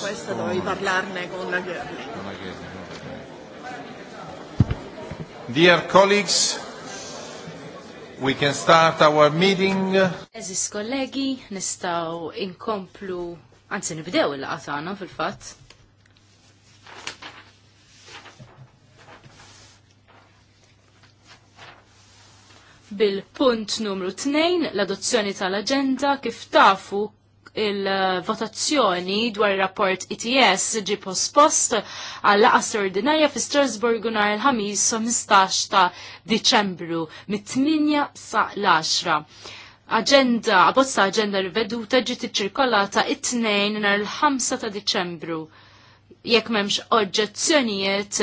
Questo, dovevi parlarne con la Gherli. Dear colleagues, we can start our meeting. Eżis kollegi, nistaw inkomplu, anzi nibdew il-qatana fil-fat. bil-punt numru 2, l-adozzjoni tal-agenda, kif tafu il-votazzjoni dwar il-rapport ITS e ġi pospost għal laqa ordinarja fi Strasburgu nhar il-ħamis 15 ta' Diċembru mit-8 sa' l-10. Agenda, abbozza agenda riveduta ġi tiċirkolata it-2 nhar il-5 ta' Diċembru jekk memx oġġezzjonijiet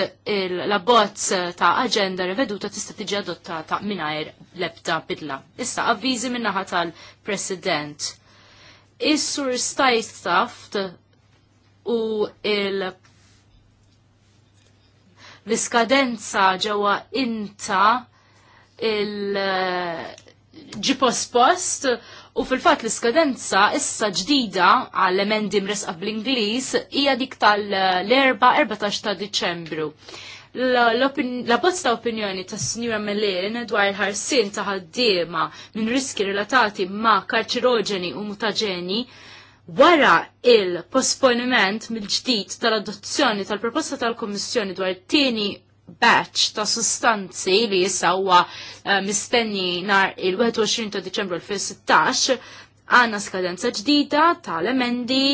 l-abbozz ta' agenda riveduta tista' tiġi adottata mingħajr lebda bidla. Issa avviżi minnaħa tal-President. Is-sur Stajstaft u il- l-iskadenza ġewwa inta il- ġi post U fil-fat l-iskadenza issa ġdida għall emendi mresqa bl-Ingliż hija dik tal-erba 14 ta' Diċembru. La bozz ta' opinjoni ta' Sinjura Melin dwar il-ħarsin ta' ħaddiema minn riski relatati ma' karċiroġeni u mutaġeni wara il-posponiment mill-ġdid tal-adozzjoni tal-proposta tal-Kommissjoni dwar tieni batch ta' sustanzi li jissa huwa eh, mistenni nar il-21 ta' Deċembru 2016 għanna skadenza ġdida tal-emendi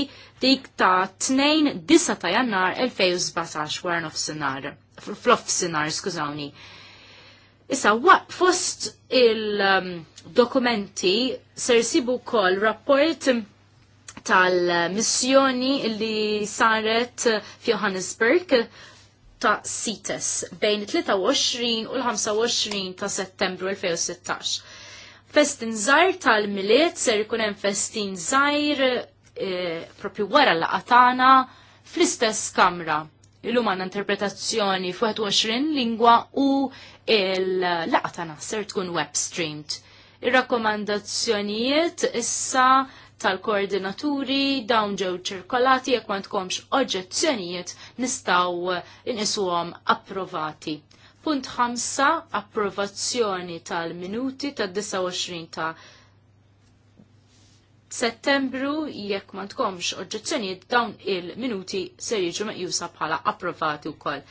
dik ta' 2-9 ta' jannar 2017 war nofsinar, fl sinar, skużawni. Issa, fost il-dokumenti um, ser sibu kol rapport tal-missjoni li saret fi Johannesburg ta' CITES bejn 23 u l-25 ta' settembru 2016. Festin żgħar tal-miliet ser ikun hemm festin żgħir e, propju wara l-qatana fl-istess kamra. Illum għanna interpretazzjoni f-21 lingwa u l laqtana ser tkun web streamed. Ir-rakkomandazzjonijiet issa tal-koordinaturi dawn ġew ċirkolati jekk ma tkomx oġġezzjonijiet nistgħu inqisuhom approvati. Punt 5 approvazzjoni tal-minuti ta' 29 ta' Settembru jekk ma tkomx oġġezzjonijiet dawn il-minuti se jiġu meqjusa bħala approvati wkoll.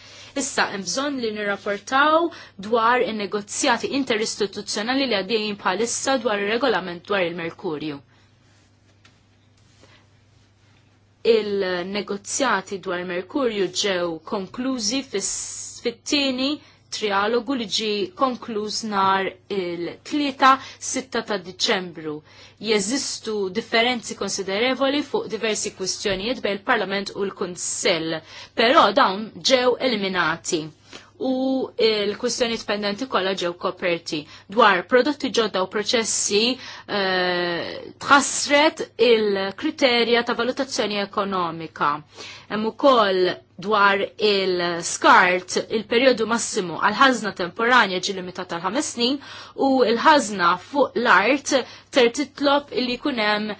Issa hemm bżonn li nirrapportaw dwar in-negozjati interistituzzjonali li għaddejjin bħalissa dwar ir-regolament dwar il-Merkurju. il-negozjati dwar Merkurju ġew konklużi fit-tieni trialogu li ġi konkluż nar il-3-6 ta' Diċembru. Jeżistu differenzi konsiderevoli fuq diversi kwistjonijiet bejn il-Parlament u l-Kunsell, però dawn ġew eliminati u l-kwistjoni pendenti kollha ġew koperti dwar prodotti ġodda u proċessi eh, tħassret il-kriterja ta' valutazzjoni ekonomika. Hemm ukoll dwar il-skart il-perjodu massimu għal ħazna temporanja ġi limitata għal ħames snin u l ħazna fuq l-art ter titlob illi jkun hemm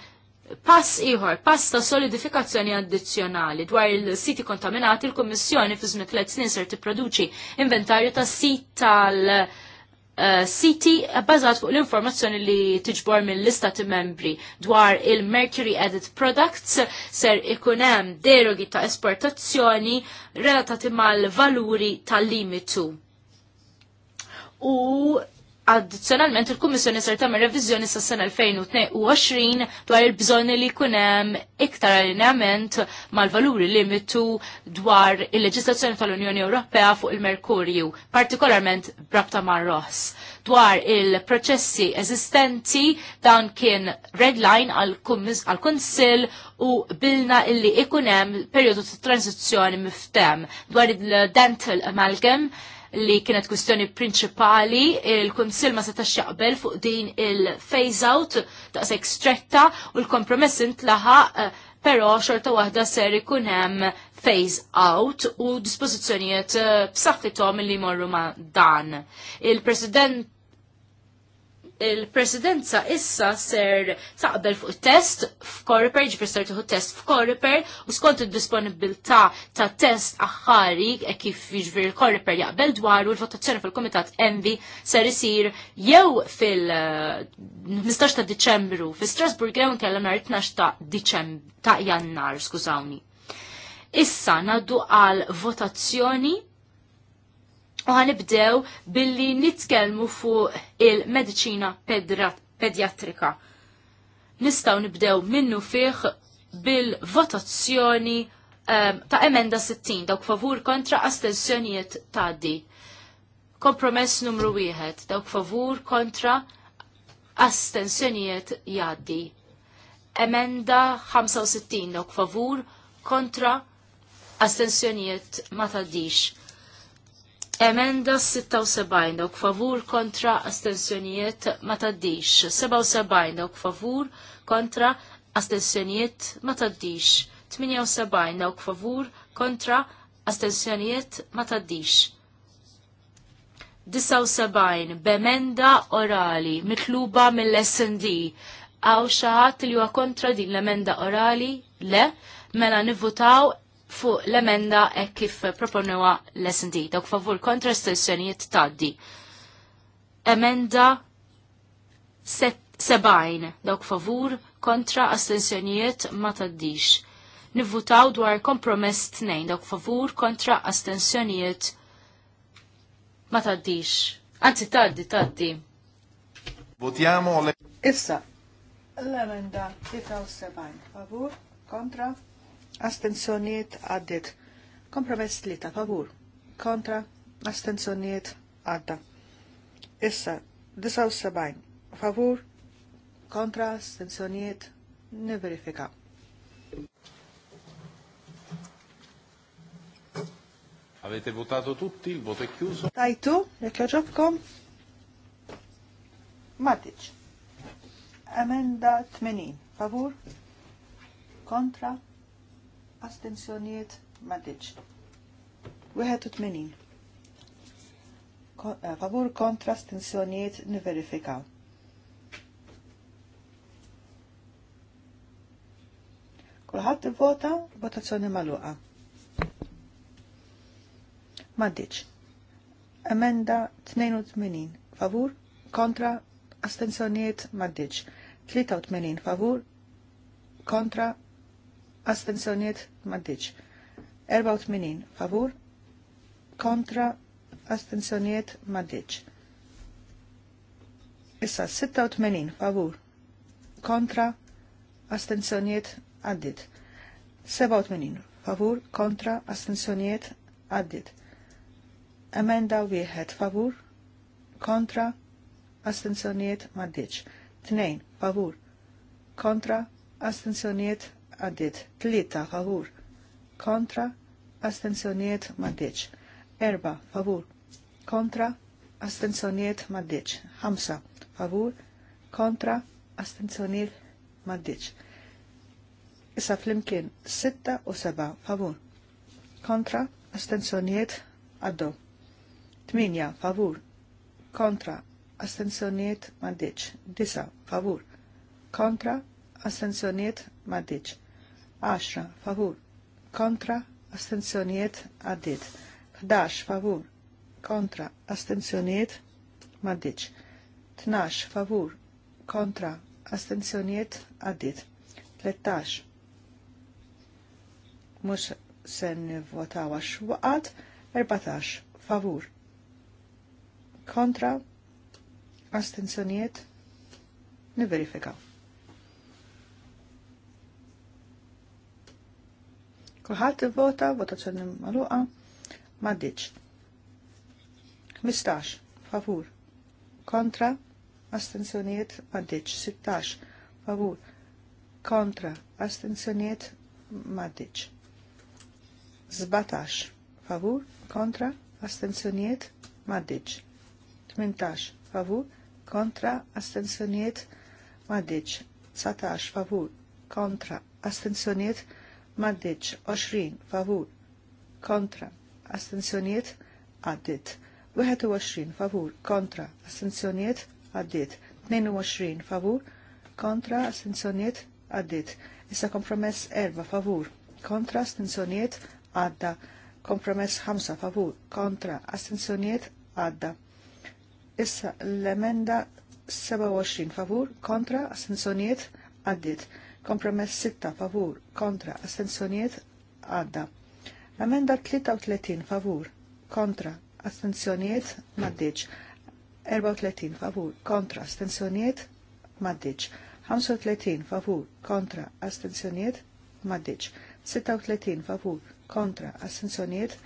Pass ieħor, pass ta' solidifikazzjoni addizzjonali dwar il-siti kontaminati, il-Kommissjoni fi żmien tliet snin ser tipproduċi inventarju ta' sit tal- eh, siti bbażat fuq l-informazzjoni li tiġbor mill-istati membri dwar il-Mercury Added Products ser ikun hemm derogi ta' esportazzjoni relatati mal-valuri tal-limitu. U Addizzjonalment il-Kummissjoni ser tagħmel reviżjoni sas sena 2022 dwar il-bżonn li jkun hemm iktar allineament mal-valuri limitu dwar il-leġislazzjoni tal-Unjoni Ewropea fuq il-Merkurju, partikolarment brabta mar Ross. Dwar il-proċessi eżistenti dan kien red line għal-Kunsill u bilna illi ikun hemm perjodu ta' transizzjoni miftem dwar il-dental amalgam li kienet kwistjoni prinċipali, il-Kunsil ma setax jaqbel fuq din il-phase-out ta' stretta u l-kompromess intlaħa eh, pero xorta waħda ser ikun hemm phase out u dispożizzjonijiet eh, b'saħħithom li morru ma' dan. Il-President il-presidenza issa ser taqbel fuq test f'Koriper, ġifir ser tuħu test f'Koriper, u skont id disponibilità ta' test aħħari e kif ġifir il-Koriper jaqbel dwar u l-votazzjoni fil-Komitat Envi ser isir jew fil-15 eh, ta' Diċembru fi Strasburg jew nkellem nhar 12 ta' Diċembru ta' Jannar, skużawni. Issa naddu għal votazzjoni U ħanibdew billi nitkellmu fuq il-medicina pedjatrika. Nistaw nibdew minnu fiħ bil-votazzjoni um, ta' emenda 60 dawk favur kontra astensjonijiet tgħaddi. Kompromess numru wieħed dawk favur kontra astensjonijiet jgħaddi. Emenda 65 dawk favur kontra astensjonijiet ma tgħaddix Emenda 76 dawk favur kontra astensjonijiet ma taddix. 77 dawk favur kontra astensjonijiet ma taddix. 78 dawk favur kontra astensjonijiet ma taddix. 79 b'emenda orali mitluba mill-SND. Għaw xaħat li huwa kontra din l-emenda orali? Le, mela nivutaw fuq l-emenda e kif proponuwa l-SND. Dok favur kontra stessjoniet taddi. Emenda 70. Dawk favur kontra astensjonijiet ma taddix. Nivvutaw dwar kompromess 2. dok favur kontra astensjonijiet ma taddix. Anzi, taddi, taddi. Votiamo le... Issa, l-emenda 70, Favur kontra astenzjoniet għaddit. Kompromess li ta' favur kontra astenzjoniet għadda. Issa 79 favur kontra astenzjoniet verifika. Avete votato tutti, il voto è chiuso. Tajtu, jekk joġobkom. Matic. Amenda 80, favur. Kontra astensjoniet u 81. Eh, favur kontra astensjoniet niverifikaw. Kulħadd vota votazzjoni magħluqa. Maddiċ. Emenda 82 favur kontra astensjoniet maddiċ. 83 favur kontra astensjoniet maddiċ. 84 favur kontra astensjoniet maddiċ. Issa 86 favur kontra Astenzjoniet għaddit. 87 favur kontra Astenzjoniet għaddit. Emenda wieħed favur kontra astensjoniet maddiċ. 2 favur kontra Astenzjoniet astensjoniet għaddit. tlita favur kontra astenzjoniet maddiċ. Erba favur kontra astenzjoniet maddiċ. Hamsa favur kontra astenzjoniet maddiċ. Issa flimkien sitta u seba favur kontra astenzjoniet għaddu. Tminja favur kontra astenzjoniet maddiċ. Disa favur kontra astenzjoniet maddiċ. 10 favur kontra astenzioniet għaddit 11 favur kontra astenzjonijiet maddiċ 12 favur kontra astenzioniet għaddit 13 mux sen votaw xwaqat waqat 14 favur kontra astenzjonijiet niverifikaw. il-vota, votazzjoni magħluqa, m'għaddiċ. 15 favur kontra astensjonijiet m'għaddiċ. 16 favur kontra astensjonijiet m'għaddiċ. 17 favur kontra astensjonijiet m'għaddiċ. 18 favur kontra astensjonijiet m'għaddiċ. 19 favur kontra astensjonijiet m'għaddiċ maddiċ 20 favur kontra astensjoniet għaddit 21 favur kontra astensjoniet għaddit 22 favur kontra astensjoniet għaddit issa kompromess 4 favur kontra astensjoniet għadda kompromess 5 favur kontra astensjoniet għadda issa l-emenda 27 favur kontra astensjoniet għaddit Kompromess 6 favur kontra astensjonijiet għadda. Amenda 33 favur kontra astensjonijiet maddiċ. 34 favur kontra astensjonijiet maddiċ. 35 favur kontra astensjonijiet maddiċ. 36 favur kontra astensjonijiet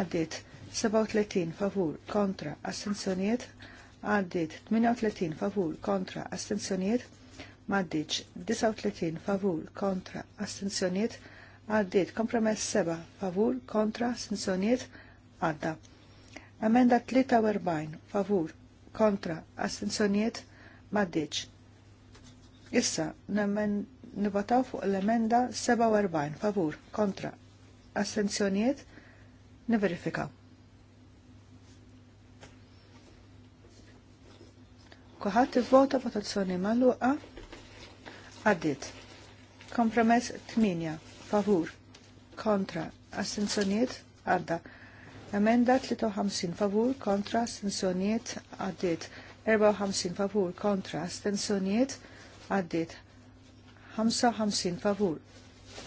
għaddit. 37 favur kontra astensjonijiet għaddit. 38 favur kontra astensjonijiet maddiċ 39 favur kontra astenzjoniet għaddit kompromess 7 favur kontra astenzjoniet għadda. Amenda 43 favur kontra astenzjoniet maddiċ. Issa nivotaw fuq l-emenda 47 favur kontra astenzjoniet niverifikaw. Kuħat vota votazzjoni mal-luqa għaddit. Kompromess 8, favur, kontra, assenzjoniet, għadda. Emenda 53, favur, kontra, assenzjoniet, għaddit. 54, favur, kontra, assenzjoniet, għaddit. 55, favur,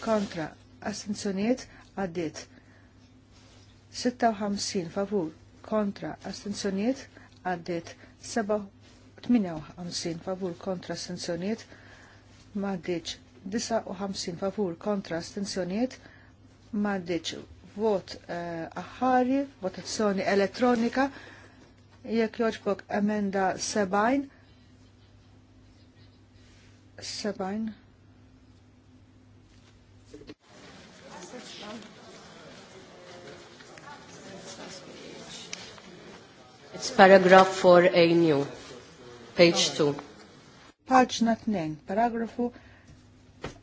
kontra, assenzjoniet, għaddit. 56, favur, kontra, assenzjoniet, għaddit. 58, favur, kontra, assenzjoniet, Għaddit maddiċ 59 favur kontra stenzjoniet maddiċ vot eh, aħħari, votazzjoni elettronika, jekk joġbok emenda 70, 70, It's paragraph 4A new, page 2. Paġna 2, paragrafu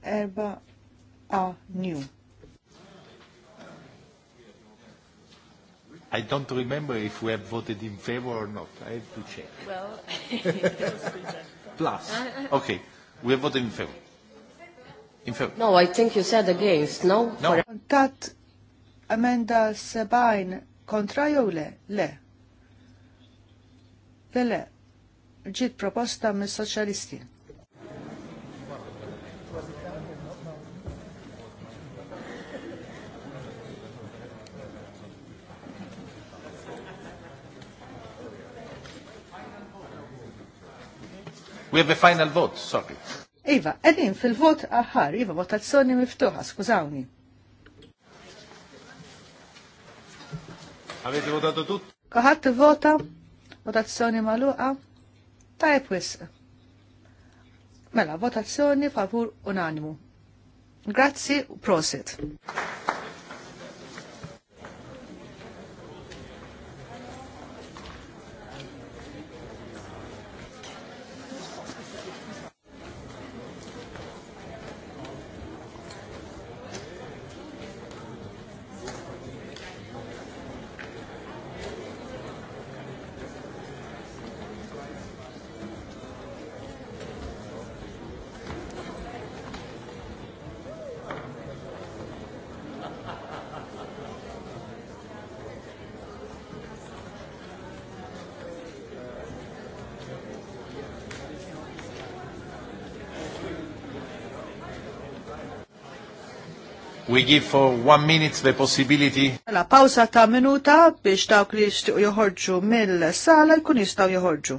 4a new. I don't remember if we have voted in favor or not. I have to check. Well, Plus. Uh, uh, okay. We have voted in favor. In favor. No, I think you said against, no? No. Tat amenda sebain kontra le? Le. Le, le ġiet proposta mis-soċjalisti. We have a final vote, sorry. Iva, edin fil-vot aħar, Iva, votazzjoni miftuħa, skużawni. Avete votato tutti? Kaħat vota, votazzjoni maluqa. Tajb wisq. Mela, votazzjoni favur unanimu. Grazzi u prosit. We give for one minute the possibility. La mela, pausa ta' minuta biex dawk li jistgħu joħorġu mill-sala jkun jistgħu joħorġu.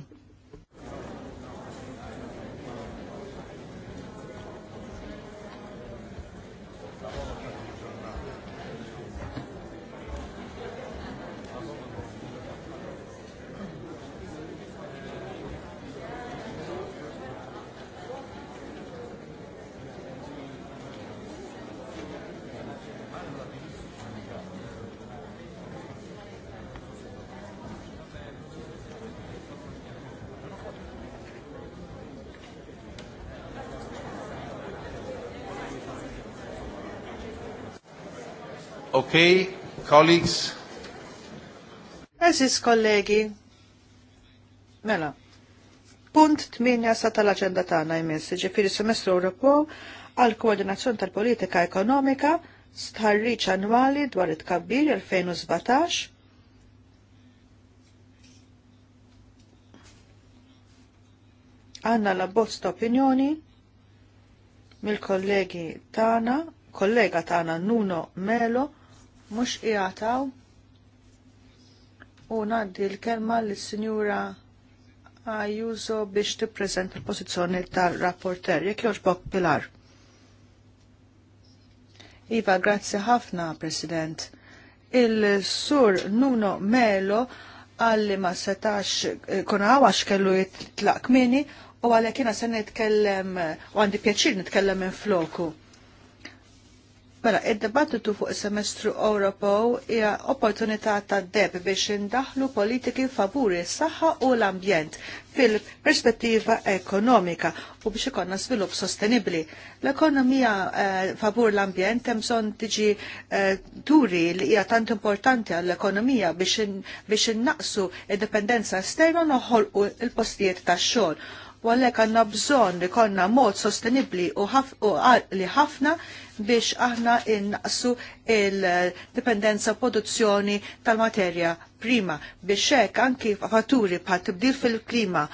Okay, colleagues. Eżis kollegi. Mela. Punt 8 sa tal-aġenda tagħna jmessi ġifiri semestru Ewropew għal koordinazzjon tal-politika ekonomika stħarriċ annwali dwar it-kabbir 2017 għanna la bozz ta' opinjoni mill-kollegi tana, kollega tana Nuno Melo, mhux iħataw u ngħaddi l-kelma l sinjura Ajuso biex prezent il-pożizzjoni tal-rapporter. Jekk bok Pilar. Iva, grazzi ħafna, President. Il-sur Nuno Melo għalli ma setax kun għawax kellu jitlaq mini u għalli jena se nitkellem u għandi pjaċir nitkellem in floku. Mela, id-debattitu fuq semestru Ewropew hija opportunità ta' deb biex indaħlu politiki favuri s-saħħa u l-ambjent fil-perspettiva ekonomika u biex ikonna svilupp sostenibli. L-ekonomija eh, favur l-ambjent hemm bżonn tiġi eh, turi li hija tant importanti għall-ekonomija biex innaqsu id-dipendenza esterna noħolqu l-postijiet tax-xogħol għallek għanna bżon li konna mod sostenibli u li ħafna biex aħna innaqsu il-dipendenza produzzjoni tal-materja prima biex hekk anki fatturi bħal tibdil fil-klima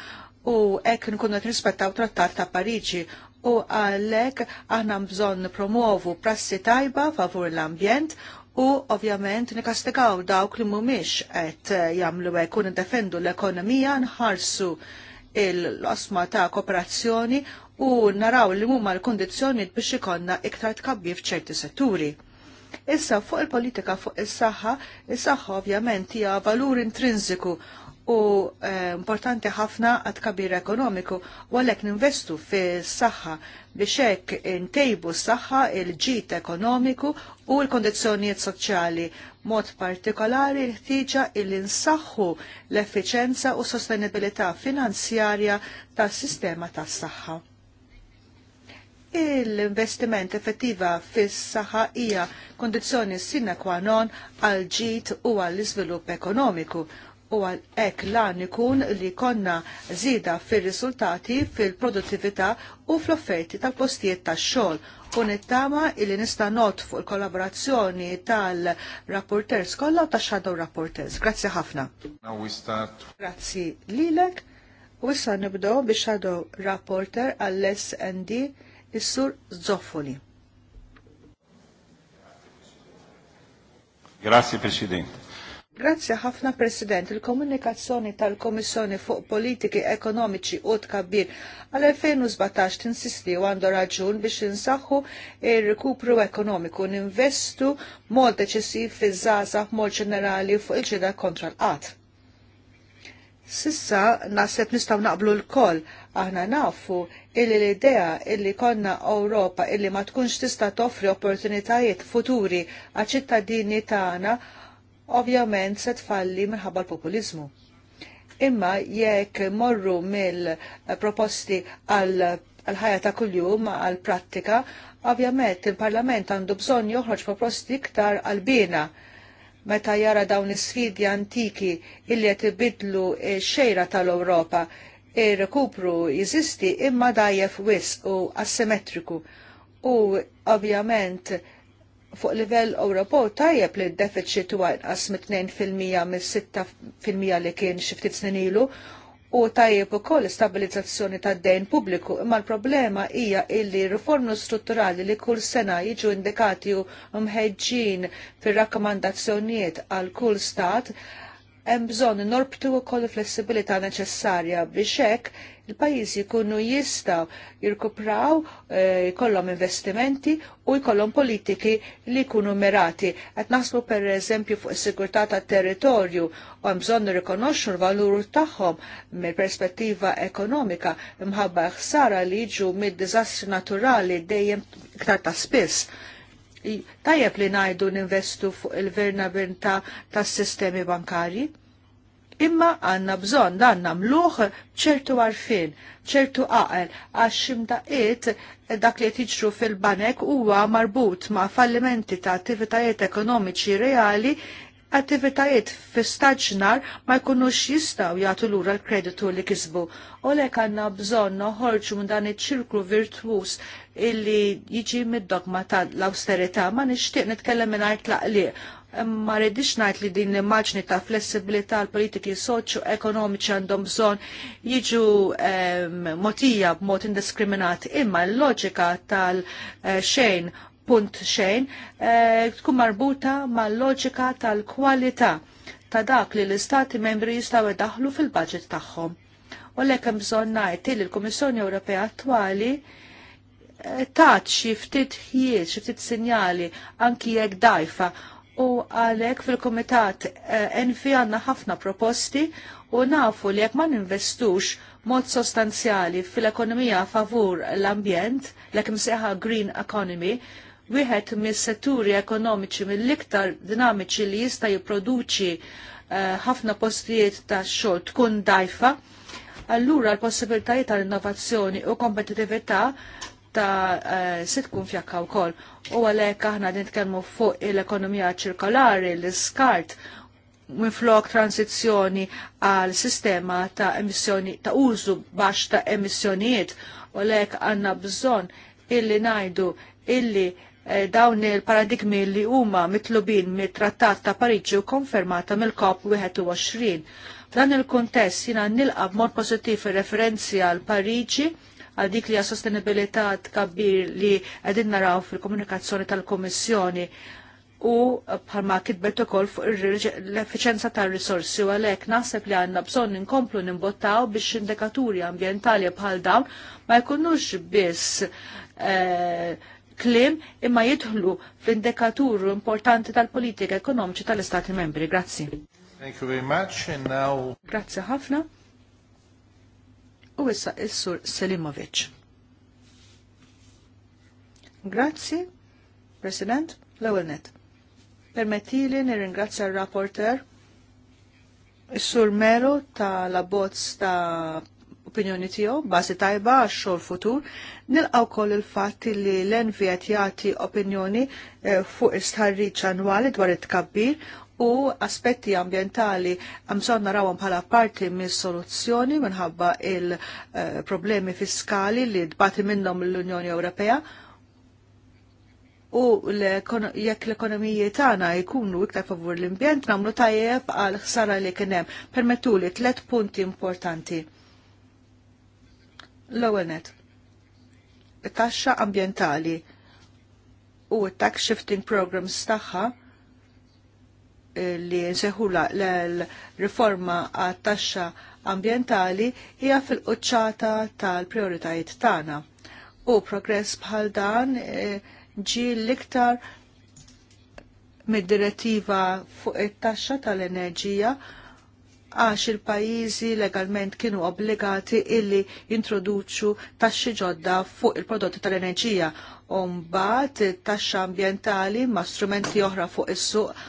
u hekk nkunu qed rispettaw trattat ta' Pariġi u għalhekk aħna bżonn promuovu prassi tajba favur l-ambjent u ovvjament nikastigaw dawk li mhumiex qed jagħmlu hekk u l-ekonomija nħarsu il-osma ta' kooperazzjoni u naraw li mumma l-kondizjoni biex ikonna iktar tkabbi f'ċerti setturi. Issa fuq il-politika fuq is-saħħa, is-saħħa ovvjament hija valur intrinsiku u eh, importanti ħafna għad kabir ekonomiku u għalek ninvestu fi s-saxħa biex hekk intejbu s-saxħa il-ġit ekonomiku u l-kondizzjonijiet soċjali mod partikolari l-ħtiġa il insaħħu l efficienza u sostenibilità finanzjarja tas-sistema tas-saħħa. Il-investiment effettiva fis-saħħa hija kondizzjoni sine qua non għal ġit u għall-iżvilupp ekonomiku u għal ek lan ikun li konna zida fil-risultati fil-produttività u fl-offerti tal-postijiet tax-xogħol u nittama illi nista' not fuq il-kollaborazzjoni tal-rapporters kollha u tax-shadow rapporters. Grazzi ħafna. Grazzi lilek u issa nibdew bi shadow rapporter għall-SND is-sur Zoffoli. Grazie Presidente. Grazzi ħafna President, il-komunikazzjoni tal-Komissjoni fuq politiki ekonomiċi u tkabbir għal-2017 tinsisti u għandu raġun biex insaħħu il-rekupru ekonomiku ninvestu mod deċisiv fi żgħażagħ mod ġenerali fuq il-ġida kontra l-qatt. Sissa naħseb nistgħu naqblu l-koll aħna nafu illi l-idea illi konna Ewropa illi ma tkunx tista' toffri opportunitajiet futuri għaċ-ċittadini tagħna ta ovvjament se tfalli minħabba l-populizmu. Imma jekk morru mill-proposti għal ħajja ta' kuljum għal prattika, ovvjament il-Parlament għandu bżonn joħroġ proposti iktar għal-bina meta jara dawn is-sfidi antiki illi qed ibidlu xejra tal-Ewropa ir-rekupru jeżisti imma dajjef wisq u asimetriku u ovvjament fuq livell Ewropew tajjeb li d-deficit huwa inqas mit-2% mis-6% li kien xi ftit snin ilu u tajjeb ukoll stabilizzazzjoni tad-dejn pubbliku, imma l-problema hija illi riformi strutturali li kull sena jiġu indikati u mħeġġin fir-rakkomandazzjonijiet għal kull stat hemm bżonn inorbtu wkoll flessibilità neċessarja biex hekk il-pajjiżi jkunu jistgħu jirkupraw eh, jkollhom investimenti u jkollhom politiki li jkunu mirati. Qed naħsbu pereżempju fuq is-sigurtà tat-territorju u hemm bżonn nirrikonoxxu l-valur tagħhom mill-perspettiva ekonomika imħabba ħsara li jiġu mid-diżastri naturali dejjem iktar ta' spiss tajjeb li najdu ninvestu fuq il-vulnerabilità tas-sistemi bankari. Imma għanna bżon dan namluħ ċertu għarfin, ċertu għaqel, għax imdaqiet dak li tiġru fil-banek huwa marbut ma' fallimenti ta' attivitajiet ekonomiċi reali attivitajiet fistaġnar ma jkunux jistaw jagħtu lura l-kreditu li kisbu. Olek għanna għandna bżonn noħorġu minn dan iċ-ċirklu virtwus illi jiġi mid-dogma tal-austerità ma nixtieq nitkellem mingħajr laqli. Ma rridix ngħid li din l-immaġni ta' flessibilità l-politiki soċju ekonomiċi għandhom bżonn jiġu ehm, motija b'mod indiskriminat imma l-loġika tal-xejn punt xejn eh, tkun marbuta mal-loġika tal-kwalità ta' dak li l-istati membri jistgħu daħlu fil-budget tagħhom. U l-ek bżonn ngħid li l-Kummissjoni Ewropea attwali taċ xi ftit ħjiet, xi ftit sinjali anki jekk dajfa u għalek fil-komitat enfi eh, għanna ħafna proposti u nafu li jekk ma ninvestux mod sostanzjali fil-ekonomija favur l-ambjent, l ek seħa green economy, wieħed mis-setturi ekonomiċi mill-iktar dinamiċi li jista' jipproduċi eh, ħafna uh, postijiet ta' xogħol tkun dajfa, allura l-possibilitajiet tal innovazzjoni u kompetitività ta' eh, se tkun fjakka wkoll. U għalhekk aħna nitkellmu fuq l-ekonomija ċirkolari, l-iskart, minflok transizzjoni għal sistema ta' emissjoni ta' użu baxx ta' emissjonijiet u għalhekk għandna bżonn illi ngħidu illi eh, dawn il-paradigmi li huma mitlubin mit-Trattat ta' Pariġi u konfermata mill-COP 21. Dan il-kontest jina nilqab mod pozittiv referenzi għal Pariġi għal dik li sostenibilità tkabbir li għedin naraw fil-komunikazzjoni tal-Komissjoni u bħalma kitbet ukoll fuq l-effiċenza tar-risorsi u għalhekk naħseb li għandna bżonn inkomplu nimbottaw biex indikaturi ambjentali bħal dawn ma jkunux biss eh, klim imma jidħlu fl-indikatur importanti tal-politika ekonomiċi tal-Istati membri. Grazzi. Thank you very much and now... Grazzi ħafna u issa il-sur Selimovic. Grazzi, President, l ewelnet Permettili nirringrazzja ingrazzi rapporter il-sur Mero ta' la bozz ta' opinjoni tiegħu bażi tajba għax xogħol futur, nilqgħu koll il-fatt li l envijat jagħti opinjoni eh, fuq is-tħarriġ annwali dwar it-tkabbir u aspetti ambientali għamżon narawhom bħala parti mis soluzzjoni minħabba il-problemi fiskali li dbati minnhom l-Unjoni Ewropea u jekk l-ekonomiji tagħna jkunu iktar favur l-imbjent nagħmlu tajjeb għal ħsara li kien hemm. Permettuli tliet punti importanti. L-ewwel net. Taxxa ambjentali u t-tax shifting programs tagħha li nseħula l-riforma għat taxxa ambientali hija fil-qoċċata tal-prioritajiet tagħna. U progress bħal dan eh, ġi l-iktar mid-direttiva fuq it-taxxa tal-enerġija għax il-pajizi legalment kienu obbligati illi jintroduċu taxxi ġodda fuq il-prodotti tal-enerġija. Umbat taxxa ambientali ma' strumenti oħra fuq is-suq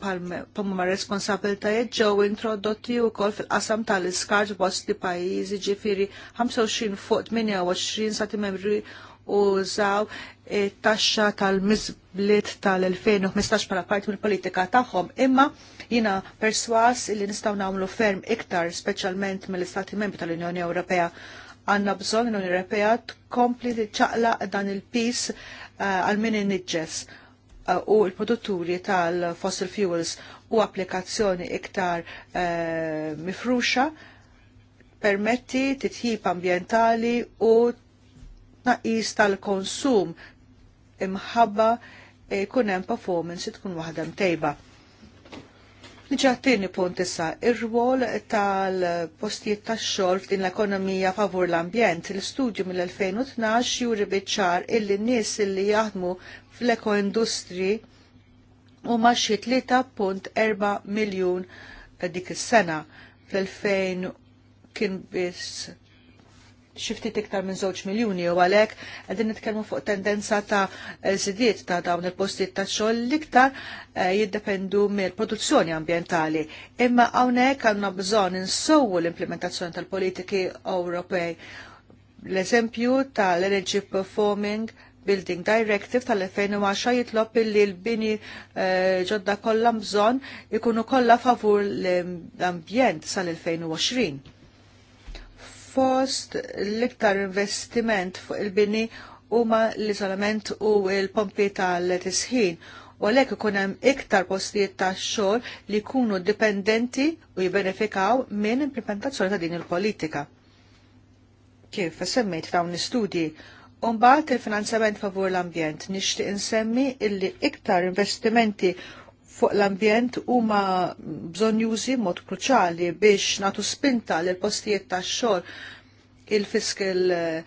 ma responsabiltajiet ġew introdotti wkoll fil-qasam tal iskarġ bost li pajjiżi ġifieri 25 fuq 28 sati membri użaw zaw e, taxxa tal mizblit tal-2015 bħala parti mill-politika tagħhom, imma jina perswas li nistgħu nagħmlu ferm iktar speċjalment mill-Istati Membri tal-Unjoni Ewropea għanna bżonn l-Unjoni Ewropea tkompli ċaqla dan il-pis e, għal min inniġġes u l-produtturi tal-fossil fuels u applikazzjoni iktar eh, mifruxa permetti titħib ambientali u naqis tal-konsum imħabba jkun hemm performance tkun waħda mtejba. Nġattini punt issa, ir-rwol tal-postijiet tax-xogħol f'din l-ekonomija favur l-ambjent. L-istudju mill-2012 juri biċ-ċar illi n-nies illi jaħdmu fl-eko industri u maċi 3.4 miljun dik is-sena fl-2000 kien biss xifti iktar minn żewġ miljuni u għalhekk qegħdin nitkellmu fuq tendenza ta' zidiet ta' dawn il-postijiet ta' xogħol l-iktar eh, jiddependu mill-produzzjoni ambjentali. Imma hawnhekk għandna bżonn insowu l-implementazzjoni tal-politiki Ewropej. L-eżempju tal-energy performing Building Directive tal-2010 jitlob billi l-bini eh, ġodda kollha bżonn ikunu kollha favur l-ambjent sal-2020. Fost l-iktar investiment fuq il-bini huma l-iżolament u l-pompi tal-tisħin u għalhekk ikun hemm iktar postijiet ta' xogħol li jkunu dipendenti u jibbenefikaw minn implementazzjoni ta' din il-politika. Kif semmejt dawn l-istudji Umbat il-finanzjament favur l-ambjent. Nixtieq insemmi illi iktar investimenti fuq l-ambjent huma bżonn jużi mod kruċali biex natu spinta l postijiet tax-xogħol il-fiskal eh,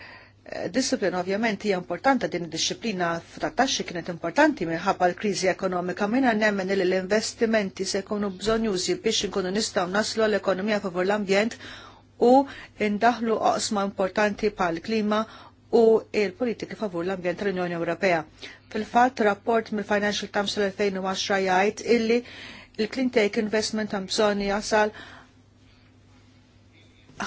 disciplina ovvjament hija importanti din id-disciplina f'tat-taxxi kienet importanti minħabba l-kriżi ekonomika minna nemmen li l-investimenti se jkunu bżonn jużi biex inkunu nistgħu naslu l-ekonomija favur l-ambjent u indaħlu oqsma importanti pal klima u il-politiki favur l-ambjent tal-Unjoni Ewropea. Fil-fatt, rapport mill-Financial Times tal-2010 jgħid illi il-Clean Investment għam bżonn jasal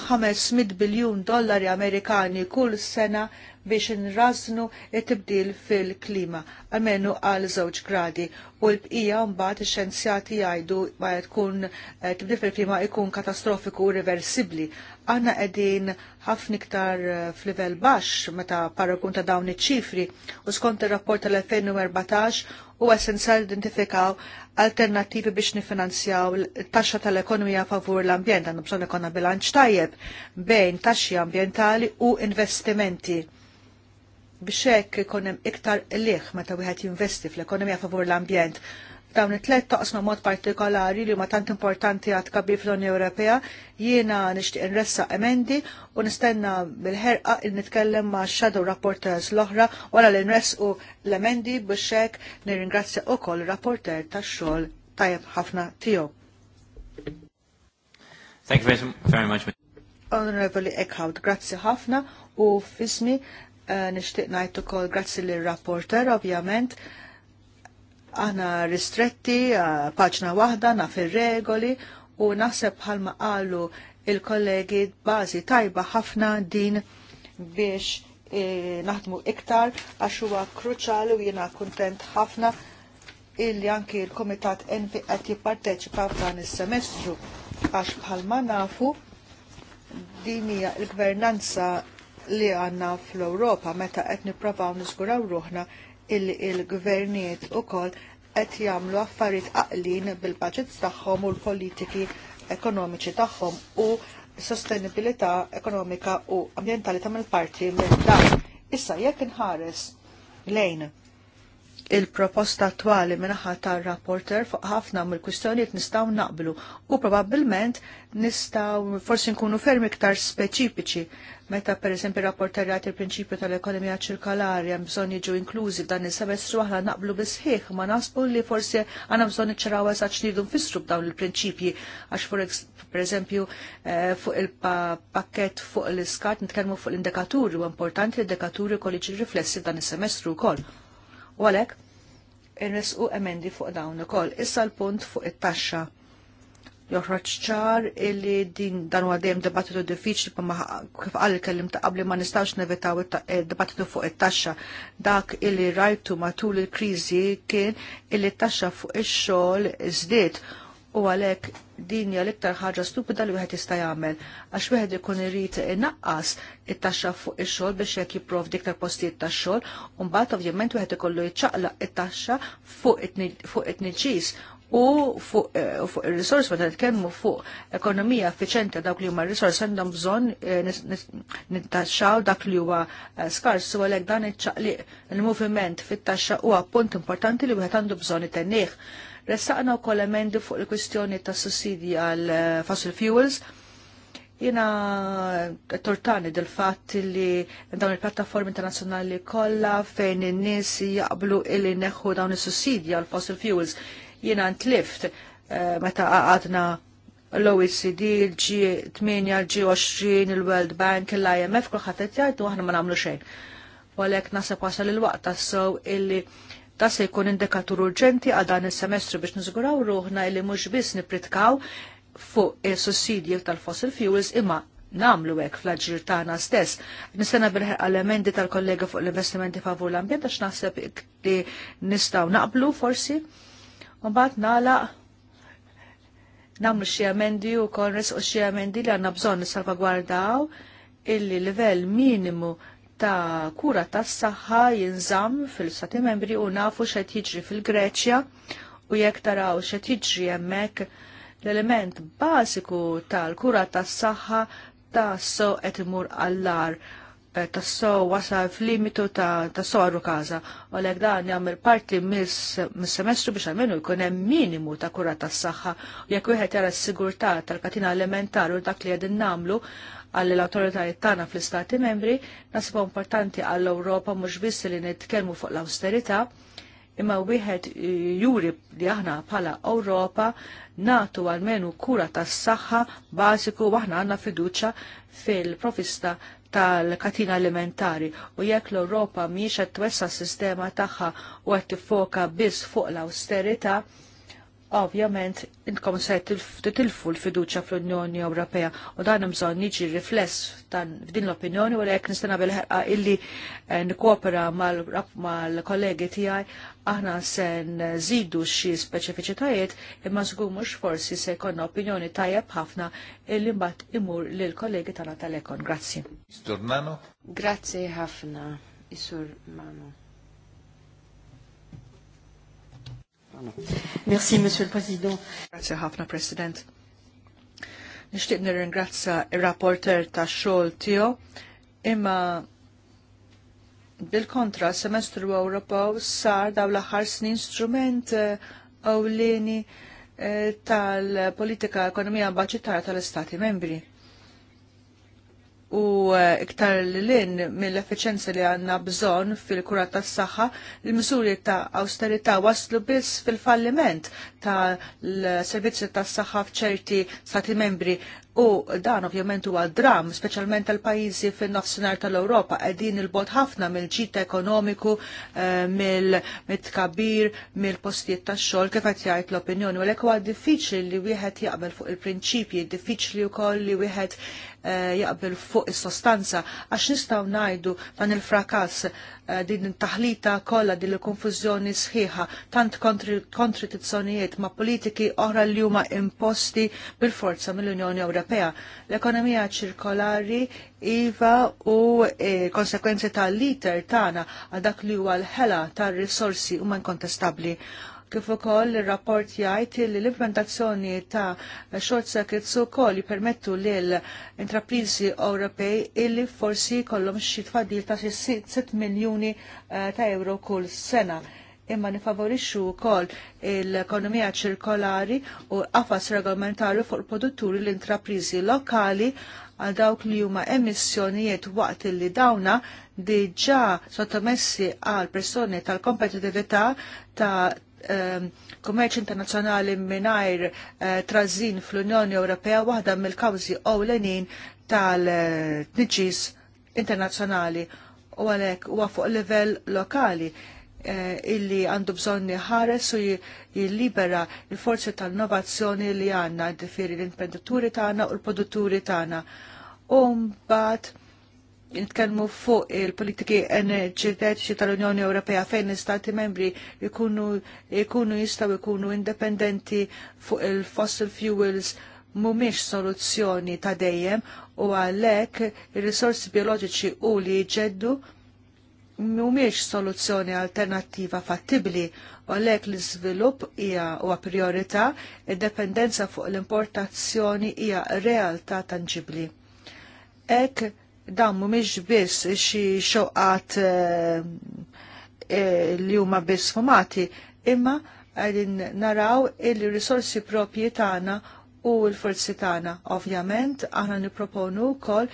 500 biljun dollari Amerikani kull sena biex nraznu it-tibdil fil-klima, għalmenu għal żewġ gradi. U l-bqija mbagħad ix-xjenzjati jgħidu ma tkun eh, tibdil fil-klima jkun katastrofiku u reversibli. Aħna qegħdin ħafna iktar eh, f'livell baxx meta paragun ta' dawn iċ-ċifri u skont ir-rapport tal-2014 u essenzjal identifikaw alternattivi biex nifinanzjaw taxxa tal-ekonomija favur l-ambjent, għandu bżonn ikonna bilanċ tajjeb bejn taxxi ambjentali u investimenti biex hekk ikun hemm iktar liħ meta wieħed jinvesti fl-ekonomija favur l-ambjent dawn it-tlet toqsma mod partikolari li ma tant importanti għad kabir fl-Unjoni Ewropea, jiena nixtieq nressa emendi u nistenna bil-ħerqa il nitkellem ma' xadu rapporters l-oħra wara li nresqu l-emendi biex hekk nirringrazzja ukoll rapporter tax-xogħol tajjeb ħafna tiegħu. Thank you very much. Honorable Eckhout, grazzi ħafna u fismi uh, nixtieq ngħid ukoll grazzi l rapporter ovvjament. Uh, Aħna ristretti, eh, paċna waħda, naf ir-regoli u naħseb bħalma qalu il-kollegi bażi tajba ħafna din biex eh, naħdmu iktar għax huwa kruċali u jiena kuntent ħafna illi anki l-Komitat il NV qed jipparteċipa f'dan is-semestru għax bħalma nafu din hija l-gvernanza li għandna fl-Ewropa meta qed nipprovaw niżguraw ruħna il-gvernijiet ukoll qed jagħmlu affarijiet aqlin bil-budgets tagħhom u l-politiki ekonomiċi tagħhom u sostenibilità ekonomika u ambjentali tagħmel parti minn dan. Issa jekk inħares lejn il-proposta attwali minnaħa tar rapporter fuq ħafna mill-kwistjonijiet nistgħu naqblu u probabbilment nistgħu forsi nkunu fermi iktar speċifiċi meta eżempju rapporter jagħti il-prinċipju tal-ekonomija ċirkolari hemm bżonn jiġu inklużi f'dan is-semestru aħna naqblu sħiħ, ma nasbu li forsi għandna bżonn iċċaraw eżatt x'nidu nfissru b'dawn il-prinċipji għax pereżempju eh, fuq il-pakkett fuq l-iskat nitkellmu fuq l-indikaturi u importanti l-indikaturi kolli riflessi f'dan is-semestru wkoll. U għalek, irresqu emendi fuq dawn ukoll. Issa l-punt fuq it-taxxa. Joħroġ ċar illi din dan huwa dejjem dibattitu diffiċli ma kif qal kellim ta' qabli ma nistax nevitaw eh, dibattitu fuq it-taxxa. Dak illi rajtu matul il-kriżi kien illi t-taxxa fuq ix-xogħol żdied il u għalhekk din hija l-iktar ħaġa stupida li wieħed jista' jagħmel għax wieħed ikun irid inaqqas it-taxxa fuq ix-xogħol biex jekk jipprovdi diktar postijiet tax-xogħol u mbagħad ovvjament wieħed ikollu jiċċaqlaq it-taxxa fuq it-tniġis u fuq eh, ir risors meta nitkellmu fuq ekonomija effiċenti dawk li huma risors għandhom bżonn eh, nittaxxaw dak li huwa eh, skars u għalhekk dan iċċaqliq il-moviment fit-taxxa huwa punt importanti li wieħed għandu bżonn itennieh Ressaqna wkoll emendi fuq il-kwistjoni ta' sussidi għal eh, fossil fuels. Jena tortani del-fatt li dawn il-plattaformi internazzjonali kollha fejn in-nies jaqblu illi neħu dawn is-sussidji għal fossil fuels. n ntlift eh, meta għadna l-OECD, l-G8, l-G20, il-World Bank, l-IMF, kullħat jgħajtu għahna ma namlu xejn. Walek nasa wasal l waqt so illi Da se jkun indikatur urġenti għal dan is-semestru biex niżguraw ruħna li mhux biss nipritkaw fuq is-sussidji tal-fossil fuels imma namlu hekk fl-aġir tagħna stess. bilħeq għall emendi tal-kollega fuq l-investimenti favur l-ambjent għax naħseb li nistgħu naqblu forsi. Mbagħad nagħlaq nagħmlu xi emendi u konres u xi emendi li għandna bżonn nisalvagwardaw illi livell minimu ta' kura tas saħħa jinżamm fil-Stati membri u nafu xed jiġri fil-Greċja u jekk taraw xed jiġri hemmhekk l-element bażiku tal-kura tas saħħa so qed imur għallar eh, tas-so wasa f'limitu ta' so għarru kaza. U l dan jagħmel parti mis-semestru biex għamilu jkun hemm minimu ta' kura tas saħħa u jekk wieħed jara s-sigurtà tal-katina elementar u dak li qegħdin nagħmlu għall l-autoritajiet tagħna fl-Istati membri nasibha importanti għall-Ewropa mhux biss li nitkellmu fuq l-austerità, imma wieħed juri li aħna bħala Ewropa natu għalmenu kura tas saħħa bażiku u aħna għandna fiduċa fil-profista tal-katina alimentari u jekk l-Ewropa mhijiex qed twessa s-sistema tagħha u qed tiffoka biss fuq l-austerità, Ovvjament, intkom se titilfu l-fiduċa fl-Unjoni Ewropea u dan bżonn jiġi rifless f'din l-opinjoni u lek nistana bil-ħerqa illi eh, nkopera mal-kollegi tiegħi aħna se nżidu xi speċifiċitajiet imma żgur mhux forsi se jkollna opinjoni tajjeb ħafna illi mbagħad imur lil kollegi tagħna tal-ekon. Grazzi. Grazzi ħafna, Isur Manu. Merci, Monsieur le Président. Grazie ħafna, President. Nishtiq nirringrazza il-rapporter ta' xol tiegħu imma bil-kontra semestru Ewropew sar daw l-aħħar snin strument eh, ewlieni eh, tal-politika ekonomija baċitar tal-Istati membri u eh, iktar l-lin mill-efficienza li għanna bżon fil-kura tas saħħa il-misuri ta' austerita waslu biss fil-falliment ta' l-servizzi tas saħħa fċerti stati membri u dan ovvjament huwa dram, speċjalment tal pajjiżi fin-nofsinhar tal-Ewropa qegħdin il-bot ħafna mill ġita ekonomiku, eh, mill-kabir, mill-postijiet tax-xogħol kif qed jgħid l-opinjoni, u huwa diffiċli li wieħed jaqbel fuq il-prinċipji, diffiċli wkoll li wieħed Eh, jaqbel fuq is-sostanza għax nistgħu ngħidu dan il frakas eh, din it-taħlita kollha din il-konfużjoni sħiħa tant kontri kontradizzjonijiet ma' politiki oħra li huma imposti bil-forza mill-Unjoni Ewropea. L-ekonomija ċirkolari iva u eh, konsekwenzi tal-liter tagħna għal dak li huwa l-ħela tar-risorsi huma inkontestabbli kif ukoll ir-rapport jgħid li l-implementazzjoni ta' short circuits ukoll jippermettu lil intrapriżi Ewropej illi forsi kollhom xi tfaddil ta' 6 miljuni eh, ta' euro kull sena imma nifavorixxu wkoll l-ekonomija ċirkolari u qafas regolamentari fuq produtturi l-intrapriżi lokali għal dawk li huma emissjonijiet waqt li dawna diġà sottomessi għal pressjoni tal-kompetitività ta' Um, kummerċ internazzjonali mingħajr uh, trażin fl-Unjoni Ewropea waħda mill-kawżi ewlenin tal-tniġis internazzjonali u għalhekk huwa fuq livell lokali uh, illi għandu bżonni ħares u jillibera il-forzi tal-innovazzjoni li għanna, diffiri l imprenditori tagħna u l-produtturi tagħna. bat, nitkellmu fuq il-politiki enerġetiċi tal-Unjoni Ewropea fejn l-Istati membri jkunu jistgħu jkunu indipendenti fuq il-fossil fuels mhumiex soluzzjoni ta' dejjem u għalhekk ir-risorsi bioloġiċi u li jġeddu mhumiex soluzzjoni alternattiva fattibbli u għalhekk l-iżvilupp hija huwa priorità, id-dependenza fuq l-importazzjoni hija realtà tanġibbli. Ek dawn mhumiex biss xi xoqat eh, eh, li huma biss fumati, imma għedin naraw il-risorsi propji tagħna u l-forzi tagħna. Ovvjament aħna nipproponu wkoll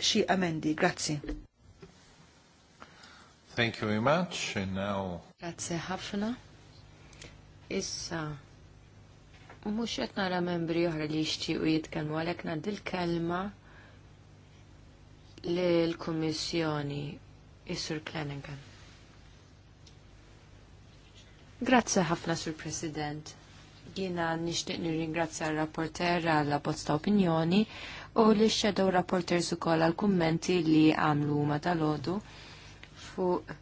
xi amendi. Grazzi. Thank you very much and now Grazzi ħafna. Issa mhux qed nara membri oħra li jixtiequ jitkellmu għalhekk ngħaddi l-kelma l-Komissjoni, Is-Sur Grazie Grazzi ħafna, Sur President. Jiena nixtieq nirringrazzja r-rapporter għal ta' opinjoni u li shadow rapporter ukoll għal kummenti li għamlu huma tal-għodu fuq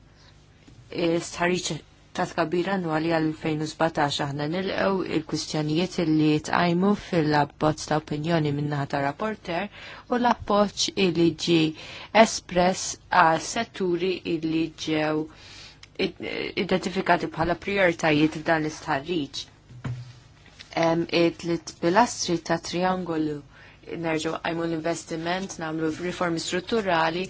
ta' kabira annwali għal 2017 aħna nilqew il-kwistjonijiet li tqajmu fil-abbozz ta' opinjoni minnaħa ta' rapporter u l-appoċ li ġi espress għal setturi li ġew identifikati bħala prioritajiet dan l-istħarriġ. It-tlit pilastri ta' triangolu nerġu għajmu l-investiment, namlu riformi strutturali,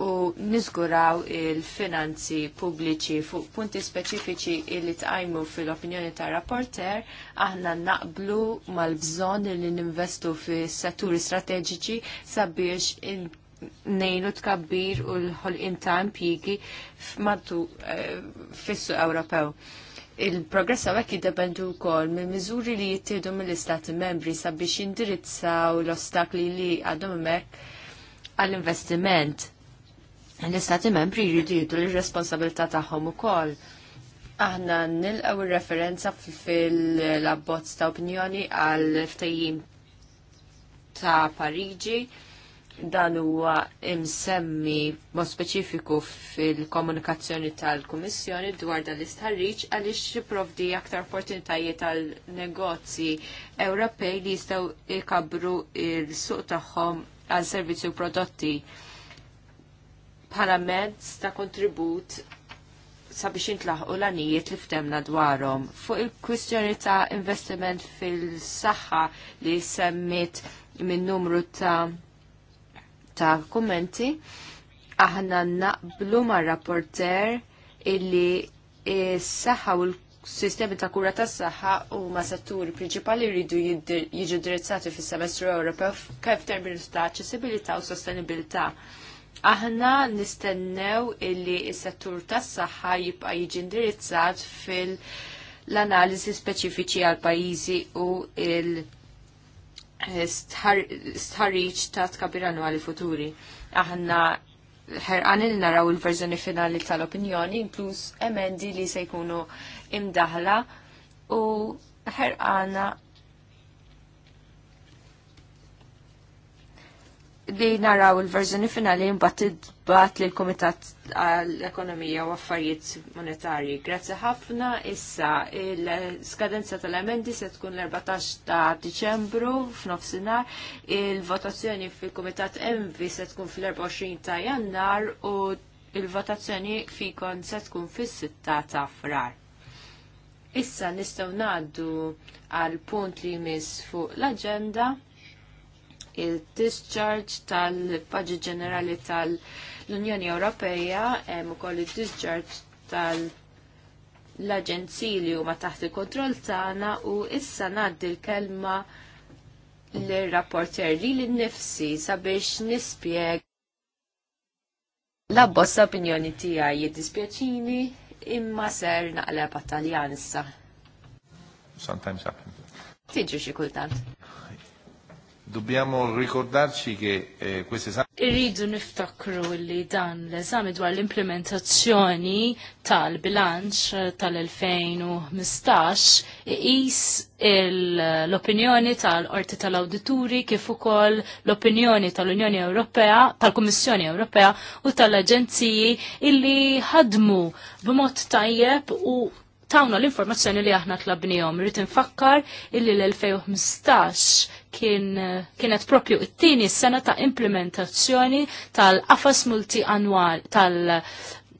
u niżguraw il-finanzi pubbliċi fuq punti speċifiċi li tqajmu fil-opinjoni ta' rapporter, aħna naqblu mal-bżonn li ninvestu fi setturi strateġiċi sabiex nejnu tkabbir u l-ħolqin ta' impjigi f'matu eh, fissu Ewropew. Il-progress għawek jiddependu kol minn miżuri li jittiedu mill-istati membri sabiex jindirizzaw l-ostakli li għadhom mek għall-investiment l-istati membri jridu jiddu l-responsabilità tagħhom ukoll. Aħna nilqgħu ir-referenza fil-abbozz ta' opinjoni għal ftajim ta' Pariġi dan huwa imsemmi mod speċifiku fil-komunikazzjoni tal-Kummissjoni dwar dan l-istħarriġ għaliex jipprovdi aktar opportunitajiet tal negozji Ewropej li jistgħu ikabru il-suq tagħhom għal servizzi u prodotti bħala mezz ta' kontribut sabiex intlaħqu l-anijiet li ftemna dwarhom. Fuq il-kwistjoni ta' investiment fil-saħħa li semmit minn numru ta' ta' kummenti, aħna naqblu ma' rapporter illi s-saħħa u l-sistemi ta' kura ta' s-saħħa u ma' setturi prinċipali rridu jiġu direzzati fis semestru Ewropew kif termini ta' accessibilità u sostenibilità. Aħna nistennew illi s-settur tas-saħħa jibqa' jiġi indirizzat fil-analiżi speċifiċi għal pajjiżi u il stħarriċ ta' tkabir annuali futuri. Aħna ħerqanin naraw il-verżjoni finali tal-opinjoni, inkluż emendi li se jkunu imdaħla u ħerqana li naraw il-verżjoni finali mbagħad bat li l-Kumitat għall-Ekonomija u Affarijiet Monetarji. Grazzi ħafna issa il-skadenza tal-emendi se tkun l-14 ta' Diċembru f'nofsinhar, il-votazzjoni fil-Kumitat Envi se tkun fil-24 ta' Jannar u il-votazzjoni fikon se tkun fis-6 ta' Frar. Issa nistgħu ngħaddu għal punt li jmiss fuq l-aġenda il-discharge tal-Paġi Ġenerali tal-Unjoni Ewropeja hemm ukoll il-discharge tal-Aġenziji li huma taħt il-kontroll tagħna u issa ngħaddi l-kelma l-rapporter li l-nifsi sabiex nispjeg l-abbozza opinjoni tiegħi jiddispjaċini imma ser naqleb għat-Taljan issa. Sometimes happens. Tiġri xi kultant. Dobbiamo ricordarci che eh, questo esame... Irridu niftakru li dan l-eżami dwar l-implementazzjoni tal-bilanċ tal-2015 iqis l-opinjoni tal-Orti tal-Awdituri kif ukoll l-opinjoni tal-Unjoni Ewropea, tal-Kummissjoni Ewropea u tal-Aġenziji illi ħadmu b'mod tajjeb u tawna l-informazzjoni li aħna tlabnijom. Rrit nfakkar illi l-2015 kien, kienet propju it-tini sena ta' implementazzjoni tal-qafas multi annual tal-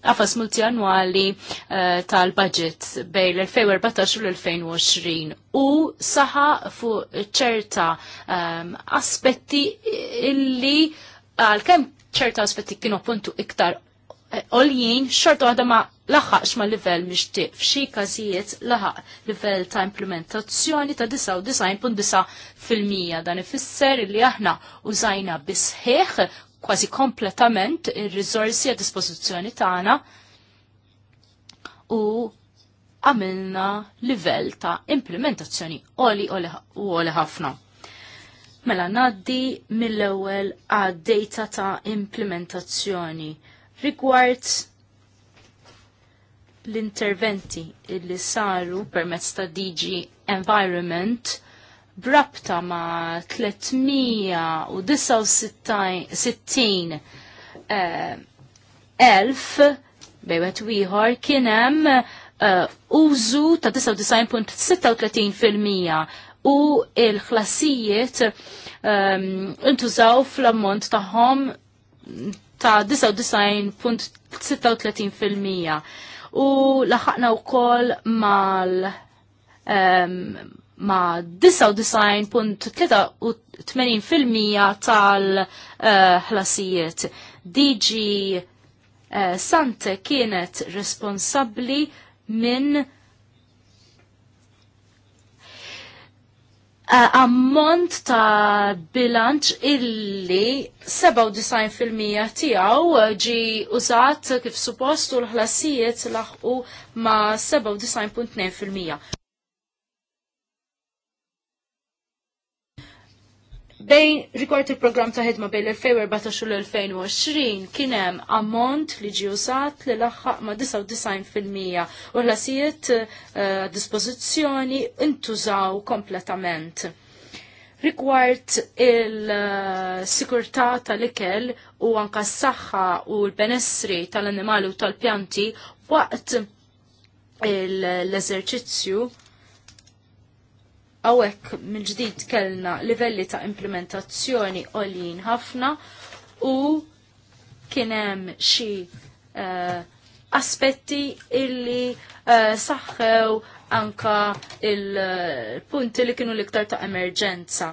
qafas multianwali uh, eh, tal-budget bej l-2014 u l-2020 u saħa fuq ċerta um, aspetti illi għal kem ċerta aspetti kienu puntu iktar oljien xorta għadha ma laħħax ma livell mixtieq f'xi każijiet laħaq livell ta' implementazzjoni ta' 99.9 fil-mija dan ifisser li aħna użajna bisħieħ kważi kompletament ir-riżorsi għad dispożizzjoni tagħna u għamilna livell ta' implementazzjoni oli u oli ħafna. Mela naddi mill-ewwel għad data ta' implementazzjoni Rigward l-interventi illi saru permezz ta' DG Environment brabta ma' 369 eh, elf bejwet wieħor kienem hemm eh, użu ta' 99.36% u il-ħlasijiet um, intużaw fl-ammont tagħhom ta' 99.36% u u wkoll mal ma' 99.83% tal-ħlasijiet. Uh, DG uh, Sante kienet responsabli minn Uh, ammont ta' bilanċ illi 97% tiegħu ġi użat kif suppost u l-ħlasijiet laħqu ma' 97.2%. Bejn rigward il-programm ta' ħidma bejn l-2014 u l-2020 kien hemm ammont li ġie użat li laħħaq ma' 99% u l-asijiet dispożizzjoni intużaw kompletament. Rigward il-sikurtà tal-ikel u anka s-saħħa u l-benessri tal-annimali u tal-pjanti waqt l-eżerċizzju għawek mill-ġdid kellna livelli ta' implementazzjoni għolin ħafna u kienem xi uh, aspetti illi uh, saħħew anka il-punti li kienu liktar ta' emerġenza.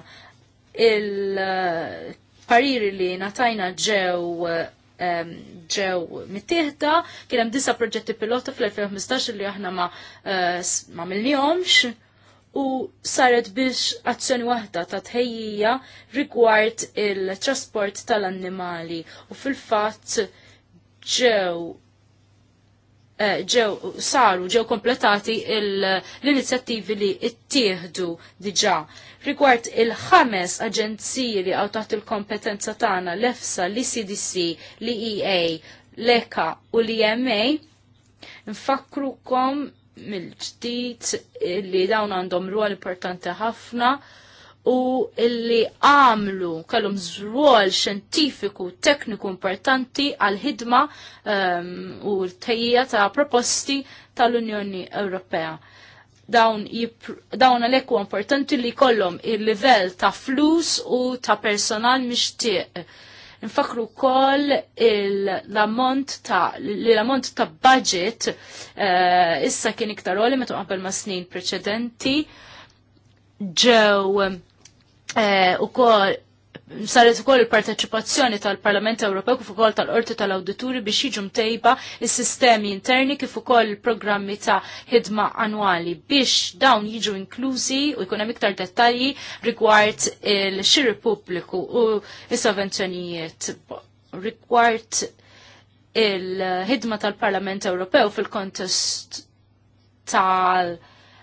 Il-pariri li natajna ġew um, ġew mittieħda, kien hemm disa proġetti pilota fl-2015 li aħna ma uh, ma u saret biex azzjoni waħda ta' tħejjija rigward il-trasport tal-annimali u fil-fatt ġew eh, ġew saru ġew kompletati l-inizjattivi li ittieħdu diġa'. Rigward il-ħames aġenziji li għaw taħt il-kompetenza tagħna l-EFSA, l-ICDC, l-EA, l-ECA u l-EMA, nfakrukom mill-ġdid li dawn għandhom rwol importanti ħafna u illi għamlu kellhom żwol xjentifiku tekniku importanti għal ħidma um, ehm, u l-tejjija ta' proposti tal-Unjoni Ewropea. Dawn, dawn huwa importanti li kollom il-livell ta' flus u ta' personal mixtieq Nfakru wkoll l-ammont ta' l-ammont ta' budget uh, issa kien iktar għoli meta qabel ma' snin preċedenti ġew uh, eh, ukoll saret ukoll il-parteċipazzjoni tal-Parlament Ewropew kif ukoll tal-Qorti tal-Awdituri biex jiġu mtejba is-sistemi interni kif ukoll il-programmi ta' ħidma annwali biex dawn jiġu inklużi u jkun hemm iktar dettalji rigward il-xiri pubbliku u s sovvenzjonijiet rigward il-ħidma tal-Parlament Ewropew fil-kontest tal-, -parlament Ewropew, fil kontest tal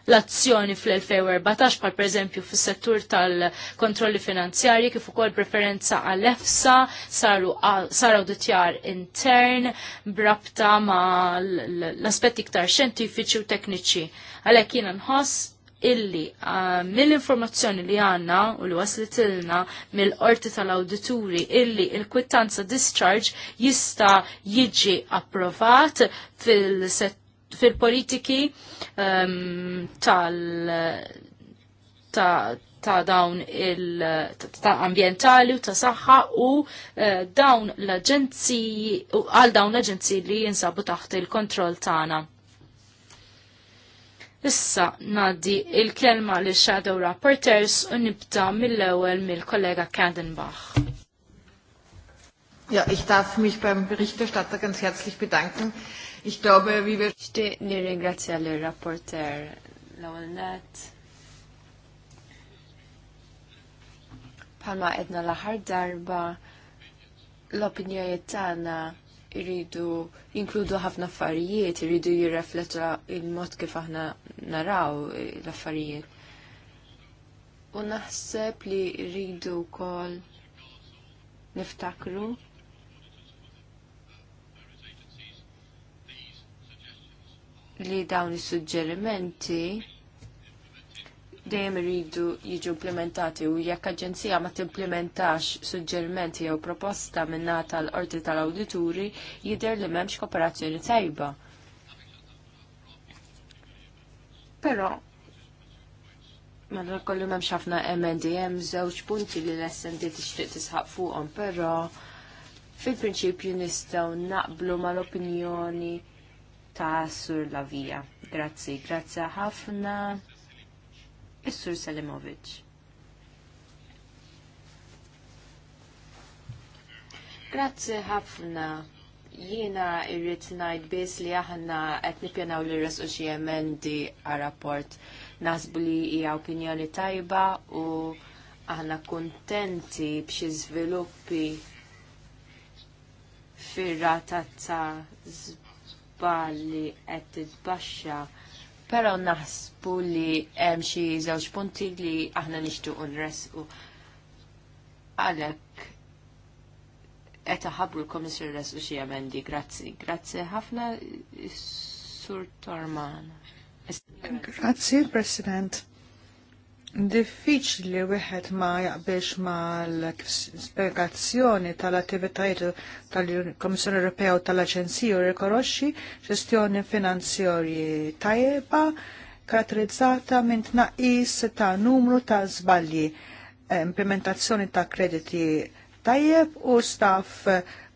l-azzjoni fl-2014 par preżempju fis-settur tal-kontrolli finanzjarji kif ukoll preferenza għal EFSA saru sar intern brabta ma l-aspetti iktar xjentifiċi u tekniċi. Għalhekk jiena nħoss illi uh, mill-informazzjoni li għanna u li waslitilna mill-qorti tal-awdituri illi il-kwittanza discharge jista jiġi approvat fil-set fil-politiki um, tal ta', ta dawn il ta' ambientali u ta' saħħa u uh, dawn l-aġenziji għal dawn l-aġenziji li jinsabu taħt il-kontroll tagħna. Issa naddi il-kelma li Shadow Rapporters u nibda mill-ewwel mill-kollega Kandenbach. Ja, ich darf mich beim Berichterstatter ganz herzlich bedanken. Ixtobe, viver. nirringrazzja l-rapporter l-għonnet. Palma edna l darba l-opinjoniet tagħna iridu jinkludu ħafna affarijiet, iridu jirrefletu il-mod kif aħna naraw l-affarijiet. U naħseb li rridu kol niftakru li dawn is-suġġerimenti dejjem iridu jiġu implementati u jekk aġenzija ma timplementax suġġerimenti jew proposta minna tal-qorti tal-awdituri jidher li m'hemmx kooperazzjoni tajba. Però madwar m'hemmx ħafna MND żewġ punti li l-SND tixtieq tisħaq fuqhom, però fil-prinċipju nistgħu naqblu mal-opinjoni ta' Sur Lavija. Grazzi, grazzi ħafna. Is-Sur Salimovic. Grazzi ħafna. Jiena irrid ngħid biss li aħna qed nippjanaw li resqu xi emendi għar-rapport. Nasbu li hija opinjoni tajba u aħna kuntenti b'xi żviluppi fir-rata ta' balli qed titbaxxa, però naħsbu li hemm xi żewġ punti li aħna nixtuqu nresqu. Għalhekk qed ħabru l-Komissar resqu xi emendi. Grazzi, grazzi ħafna Sur Torman. Grazzi, President. Diffiċli wieħed ma jaqbilx mal-spiegazzjoni tal-attivitajiet tal-Komissjoni Ewropea u tal-Aġenzija u rikoroxxi ġestjoni finanzjarji tajba karatterizzata minn tnaqqis ta' numru ta' żbalji, eh, implementazzjoni ta' krediti tajjeb u staff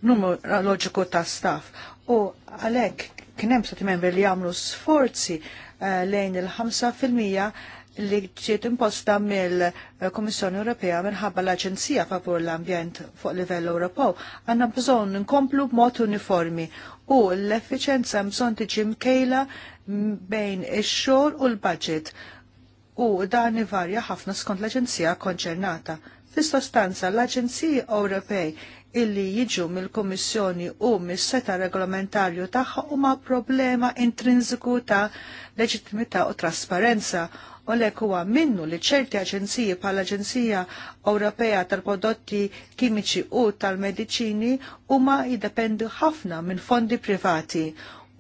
numru loġiku ta' staff. U għalhekk kien hemm stati membri li jagħmlu sforzi eh, lejn il-5 li ġiet imposta mill-Komissjoni Ewropea minħabba l-Aġenzija favur l-Ambjent fuq livell Ewropew għandna bżonn nkomplu b'mod uniformi u l-effiċenza bżonn tiġi mkejla bejn ix-xogħol u l-budget u dan ivarja ħafna skont l-Aġenzija konċernata. Fis-sostanza l-Aġenziji Ewropej illi jiġu mill-Kummissjoni u mis-seta regolamentarju tagħha huma problema intrinsiku ta' leġittimità u trasparenza U lek huwa minnu li ċerti aġenziji l aġenzija Ewropea tal-prodotti kimiċi u tal-mediċini huma jiddependu ħafna minn fondi privati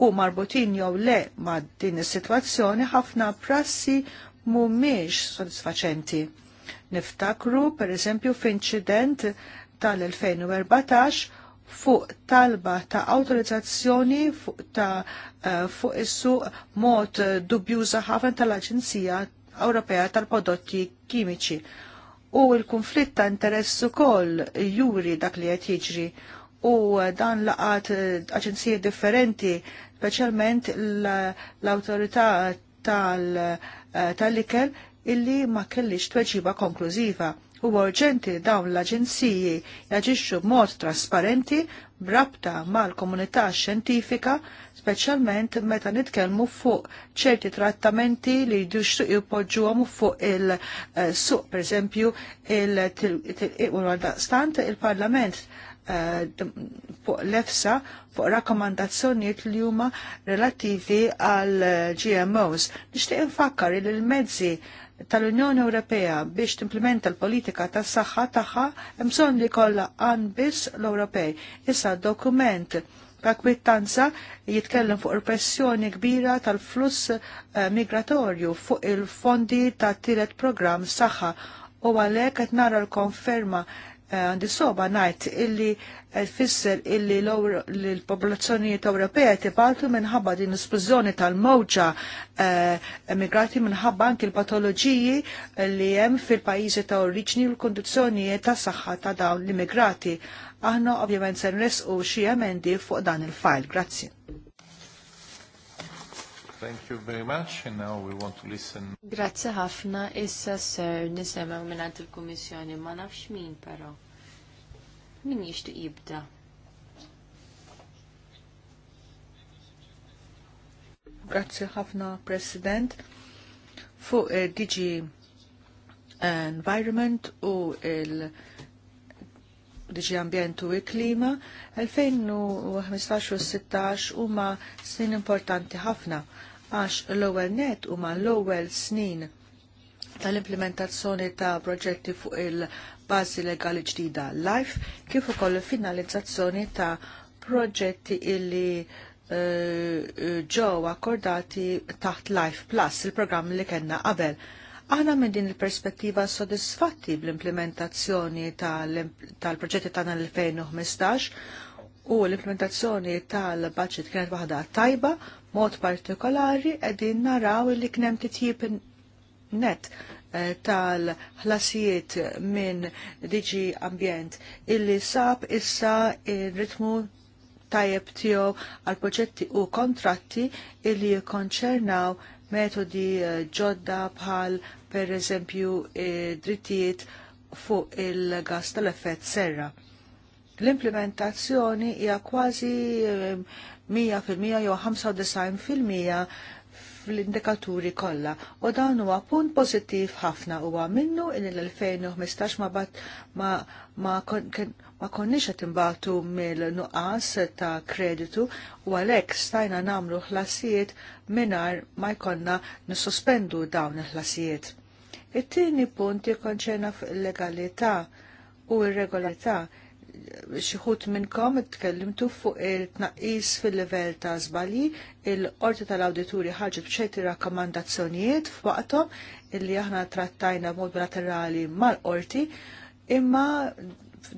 u marbutin jew le ma' din is-sitwazzjoni ħafna prassi mhumiex sodisfaċenti. Niftakru, per eżempju, f'inċident tal-2014 fuq talba ta' autorizzazzjoni fuq ta' eh, fuq issu mod dubjuża ħafna tal-Aġenzija Ewropea tal-Prodotti Kimiċi. U l-konflitt ta' interess ukoll juri dak li qed jiġri u dan laqat eh, aġenziji differenti, speċjalment l-autorità eh, tal-ikel illi ma kellix tweġiba konklużiva. Huwa urġenti dawn l-aġenziji jaġixxu b'mod trasparenti brabta mal-komunità xjentifika, speċjalment meta nitkellmu fuq ċerti trattamenti li jduxtu jpoġġuhom fuq il-suq, eh, pereżempju, il-stant eh, il-Parlament eh, fuq l-EFSA fuq rakkomandazzjonijiet li huma relativi għal GMOs. Nixtieq infakkar il mezzi tal-Unjoni Ewropea biex timplementa l-politika tas saħħa tagħha hemm bżonn li kollha għan biss l-Ewropej. Issa dokument ta' kwittanza jitkellem fuq il-pressjoni kbira tal-fluss eh, migratorju fuq il-fondi ta' tielet programm saħħa u għalhekk qed nara l-konferma għandi soba najt illi eh, fisser illi l-popolazzjonijiet Ewropea tibaltu minħabba din l-esplosjoni tal-mowġa eh, emigrati minħabba anki l-patoloġiji eh, li hemm fil-pajjiżi ta' oriġni u l-kondizzjonijiet ta' saħħa ta' dawn l-immigrati. Aħna ovvjament se nresqu xi emendi fuq dan il-fajl. Grazzi. Thank you very much, and now we want to listen. Grazie ħafna, issa ser nisemaw minnant il-Kommissjoni, ma nafx min però. Min jishtu jibda? Grazie ħafna, President. Fuq eh, DG eh, Environment u il- diġi ambjentu u klima, 2015 u 16 huma snin importanti ħafna għax l-ewwel net huma l-ewwel snin tal-implementazzjoni ta' proġetti fuq il-bażi legali ġdida LIFE kif ukoll finalizzazzjoni ta' proġetti illi eh, ġew akkordati taħt Life Plus, il-programm li kellna qabel. Aħna minn din il-perspettiva sodisfatti bl-implementazzjoni tal-proġetti tagħna l-2015 u l-implementazzjoni tal-budget kienet waħda tajba, mod partikolari qegħdin naraw li kien hemm titjib net eh, tal-ħlasijiet minn Diġi Ambjent illi sab issa il-ritmu tajjeb tiegħu għal proġetti u kontratti illi konċernaw metodi eh, ġodda bħal per eżempju eh, drittijiet fuq il-gas tal-effett serra L-implementazzjoni hija kważi 100% ehm, jew 95% fl-indikaturi kollha u dan huwa punt pożittiv ħafna huwa minnu in l-2015 ma bat ma ma ma konniex qed imbagħtu mill-nuqqas ta' kreditu u għalhekk stajna nagħmlu ħlasijiet mingħajr ma jkollna nissospendu dawn il-ħlasijiet. It-tieni punt jikkonċerna fuq il-legalità u ir-regolarità xieħut minnkom tkellimtu fuq il-tnaqis fil-level ta' zbali, il-qorti tal-awdituri ħarġet bċejti rakkomandazzjonijiet f'waqthom illi aħna trattajna mod bilaterali mal-qorti, imma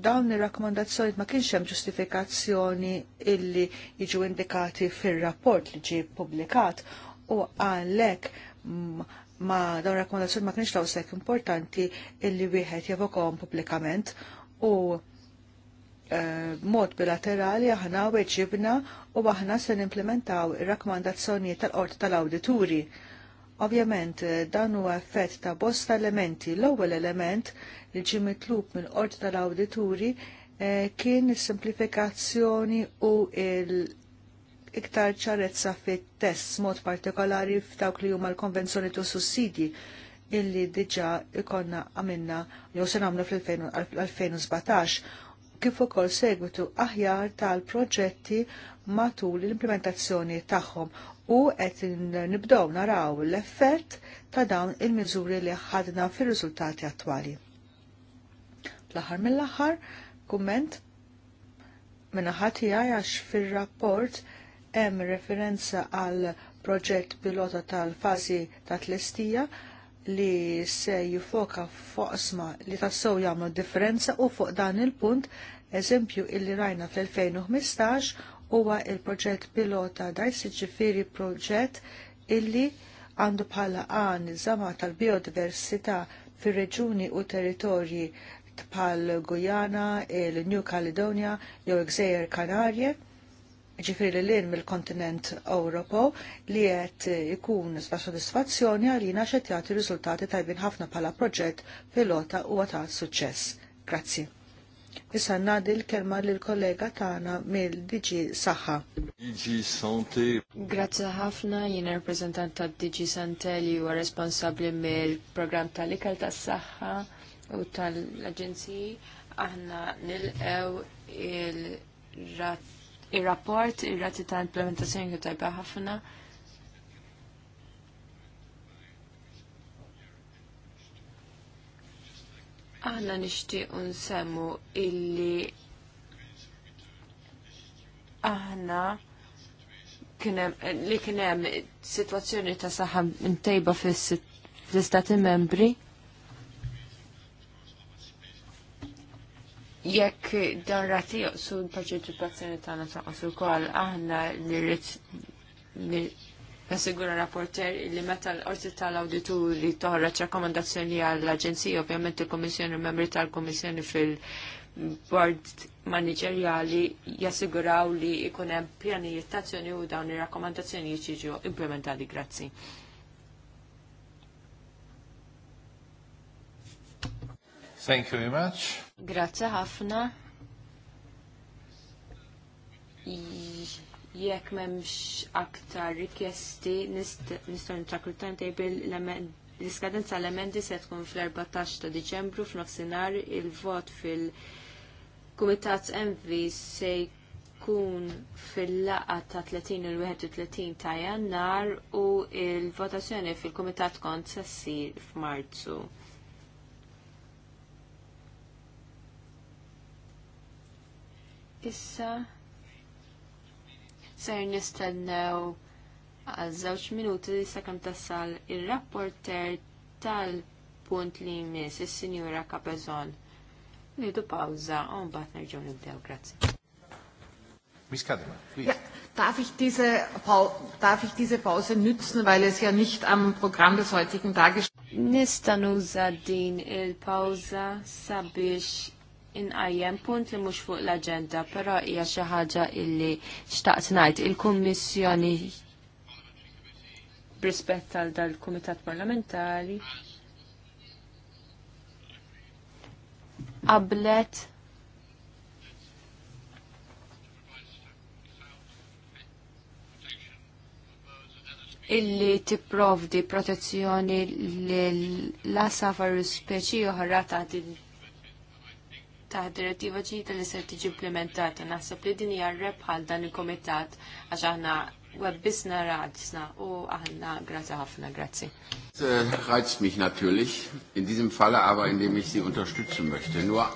dawn ir-rakkomandazzjonijiet ma kienx hemm ġustifikazzjoni illi jiġu indikati fir-rapport li ġie publikat u għalhekk ma dawn rakkomandazzjoni ma kienx lawsek importanti illi wieħed jevokom pubblikament u b'mod eh, bilaterali aħna weġibna u aħna se nimplementaw ir-rakkomandazzjonijiet tal-qorti tal-awdituri. Ovvjament eh, dan huwa effett ta' bosta elementi. L-ewwel element li ġie mitlub mill qorti tal-awdituri eh, kien is-simplifikazzjoni u il iktar ċarezza fit-test mod partikolari f'dawk li huma l-konvenzjoni tu sussidji illi diġa ikonna għamilna jew se nagħmlu fl-2017 kif ukoll segwitu aħjar tal-proġetti matul l-implementazzjoni tagħhom u qed nibdew naraw l-effett ta' dawn il-miżuri li ħadna fir-riżultati attwali. L-aħħar mill-aħħar kumment minna tiegħi għax fir rapport hemm referenza għal proġett pilota tal fażi ta' tlestija li se jifoka fuq sma li tassew jagħmlu differenza u fuq dan il-punt eżempju illi rajna fl-2015 huwa il-proġett pilota dajs ġifiri proġett illi għandu bħala għan iż-żama tal-biodiversità fir-reġuni u territorji bħal Guyana, il-New Caledonia jew Gżejjer Kanarje Ġifri li l-in mill-kontinent Ewropo li qed ikun sva soddisfazzjoni għalina xed jagħti riżultati tajbin ħafna bħala proġett pilota u ta' suċċess. Grazzi. Issa nadi l-kelma l kollega Tana mill-DG Saha. DG Sante. Grazzi ħafna jien rappreżentant ta' DG Sante li huwa responsabbli mill-programm tal-ikel tas-saħħa u tal-aġenziji aħna nil-ew il-rat ir-rapport, ir-rati ta' implementazzjoni għu tajba ħafna. Aħna nixtieq nsemmu illi aħna kienem li kienem situazzjoni ta' saħħa ntejba fl-istati membri. Jekk dan rati su l għana ta' taqos kol, aħna li rrit nasigura rapporter li meta l-qorti tal-awdituri toħroġ rakomandazzjoni għall-Aġenzija, ovvjament il komissjoni membri tal komissjoni fil-Bord Manageriali jassiguraw li jkun hemm pjanijiet azzjoni u dawn ir-rakkomandazzjonijiet jiġu implementati. Grazzi. Thank you very much. Grazzi ħafna. Jekk m'hemmx aktar rikjesti nistgħu nitraklu timetable l-iskadenza l-emendi se tkun fl-14 ta' Diċembru f'nofsinhar il-vot fil-Kumitat MV se jkun fil-laqa ta' 30 il 31 ta' jannar u il-votazzjoni fil-Kumitat Kont se ssir f'Marzu. Issa ser nistennew għal żewġ minuti sakemm tassal ir-rapporter tal-punt li jmiss is-Sinjura Capezon. Nidu pawza u mbagħad nerġgħu nibdew. Grazzi. Miss Kadima, please. Darf ich, diese, darf ich diese Pause nützen, weil es ja nicht am Programm des heutigen Tages... Nista nuża din il pausa sabiex inqajjem punt li mhux fuq l-aġenda, però hija xi ħaġa illi xtaqt ngħid il-Kummissjoni rispett għal dal-Kumitat Parlamentari qablet illi tipprovdi protezzjoni l-asafar speċi oħra ta' din ta' direttiva ġdida li ser tiġi implementata. Naħseb li din hija bħal dan il-komitat għax aħna webbisna raġisna u aħna grazzi ħafna, grazzi. Äh, reizt mich natürlich, in diesem Falle aber indem ich sie unterstützen möchte. Nur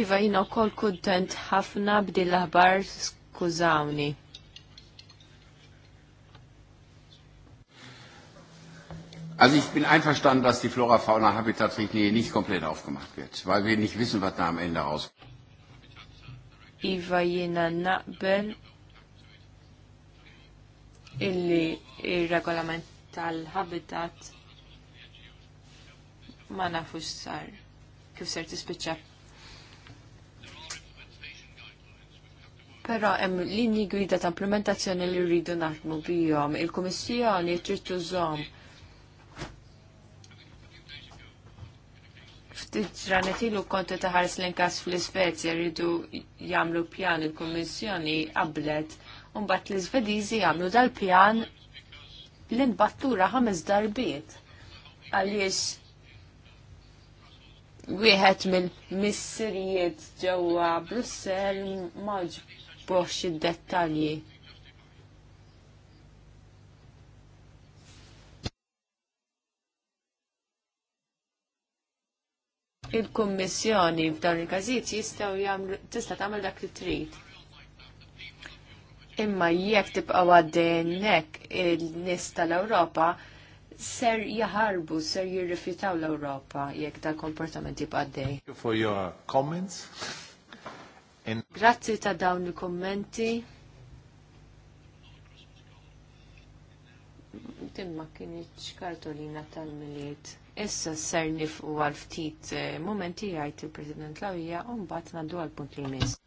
Iva jina kol kontent ħafna b'dil aħbar skużawni. Also ich bin einverstanden, dass die Flora-Fauna-Habitat-Richtlinie nicht komplett aufgemacht wird, weil wir nicht wissen, was da am Ende rauskommt. Iva, habitat Però hemm linji gwida ta' implementazzjoni li rridu naħdmu bihom. Il-Kummissjoni trid tużhom ftit ġranet ilu konti taħares l-inkas fl-Svezja rridu jagħmlu pjan il-Kummissjoni qablet u mbagħad l-Iżvediżi jagħmlu dal-pjan l-inbattura ħames darbiet. Għaliex wieħed mill-missirijiet ġewwa Brussell ma ġbox id-dettalji il-Kummissjoni f'dan il-każijiet jistgħu jagħmlu tista' tagħmel dak li trid. Imma jekk tibqa' għaddejn hekk il-nies tal-Ewropa ser jaħarbu, ser jirrifjutaw l-Ewropa jekk dal komportament jibqa' għaddej. For your comments. Grazzi ta' dawn il-kommenti. Timma kienieċ kartolina tal-miliet. Issa s-sernif u għal ftit eh, momenti jgħid il-President Lawija u mbagħad ngħaddu għal punt li jmiss.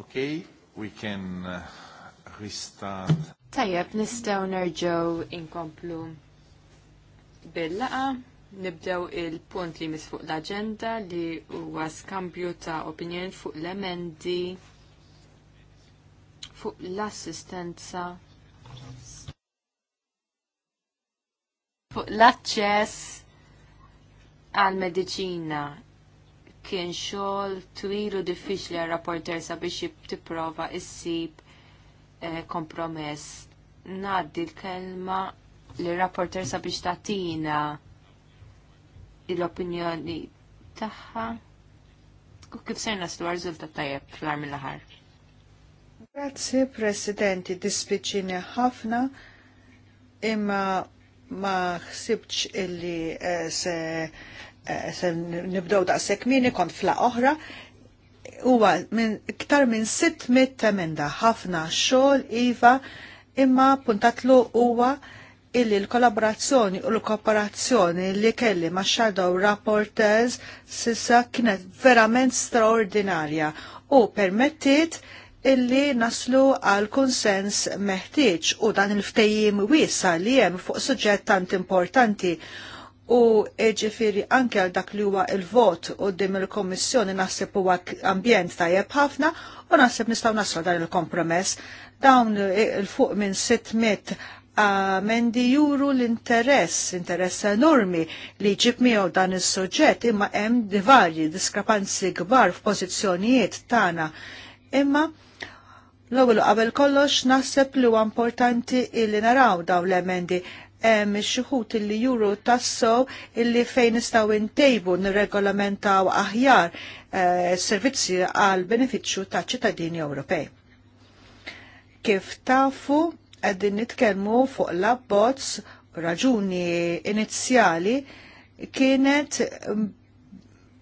Okay, we can uh, restart. Tajjeb, nistaw nerġaw inkomplu bil-laqa. Nibdew il-punt li mis fuq l-agenda li huwa skambju ta' opinjoni fuq l-emendi fuq l-assistenza fuq l-aċċess għal medicina kien xogħol twil u diffiċli għal rapporter sabiex tipprova issib eh, kompromess. Ngħaddi l-kelma li rapporter sabiex tagħtina l-opinjoni tagħha u kif ser naslu għarżultat tajjeb fl-ar mill-aħar. Grazzi, Presidenti, dispiċini ħafna imma ma ħsibx illi eh, se Eh, nibdow da' sekmini kont fla oħra, huwa minn iktar minn 600 emenda ħafna xogħol iva imma puntatlu huwa illi l-kollaborazzjoni u l-kooperazzjoni li kelli ma' Shadow Rapporters sissa kienet verament straordinarja u permettit illi naslu għal konsens meħtieġ u dan il-ftejjim wiesa li hemm fuq suġġett tant importanti u ġifiri anke għal dak li huwa il-vot u dim il-Kommissjoni naħseb huwa ambjent tajjeb ħafna u naħseb nistgħu nasra dan il-kompromess. Dawn eh, il-fuq minn 600 ah, mendi juru l-interess, interess enormi li ġib miegħu dan is suġġett imma hemm divarji, diskrepanzi kbar f'pożizzjonijiet tagħna. Imma l-ewwel qabel kollox naħseb li huwa importanti li naraw dawn l-emendi hemm xuħut illi juru tassow illi fejn nistgħu intejbu nirregolamentaw aħjar eh, servizzi għal benefiċċju ta' ċittadini Ewropej. Kif tafu qegħdin nitkellmu fuq l-abbozz raġuni inizjali kienet mm,